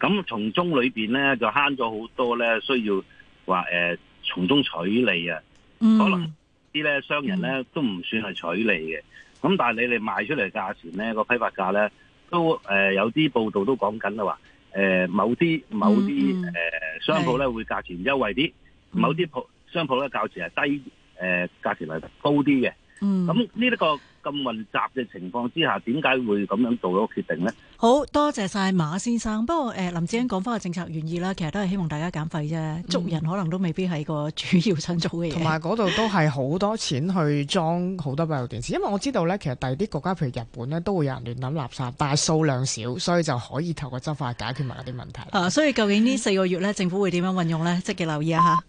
H: 咁從中裏邊咧就慳咗好多咧，需要話誒、呃、從中取利啊。
I: 嗯、可能
H: 啲咧商人咧、嗯、都唔算係取利嘅。咁但係你哋賣出嚟價錢咧個批發價咧，都誒、呃、有啲報道都講緊啦話誒某啲某啲誒、嗯嗯、商鋪咧會價錢優惠啲、嗯，某啲鋪商鋪咧價錢係低誒、呃、價錢係高啲嘅。嗯，咁呢一個咁混雜嘅情況之下，點解會咁樣做咗決定呢？
A: 好多謝晒馬先生。不過誒、呃，林志恩講翻個政策原意啦，其實都係希望大家減廢啫。捉、嗯、人可能都未必係個主要緊捉嘅
B: 嘢。同埋嗰度都係好多錢去裝好多閉路電視， (laughs) 因為我知道咧，其實第二啲國家譬如日本咧，都會有人亂抌垃圾，但係數量少，所以就可以透過執法解決埋啲問題。
H: 啊，
G: 所以究竟呢四個月咧、嗯，政府會點樣運用咧？積極留意啊吓！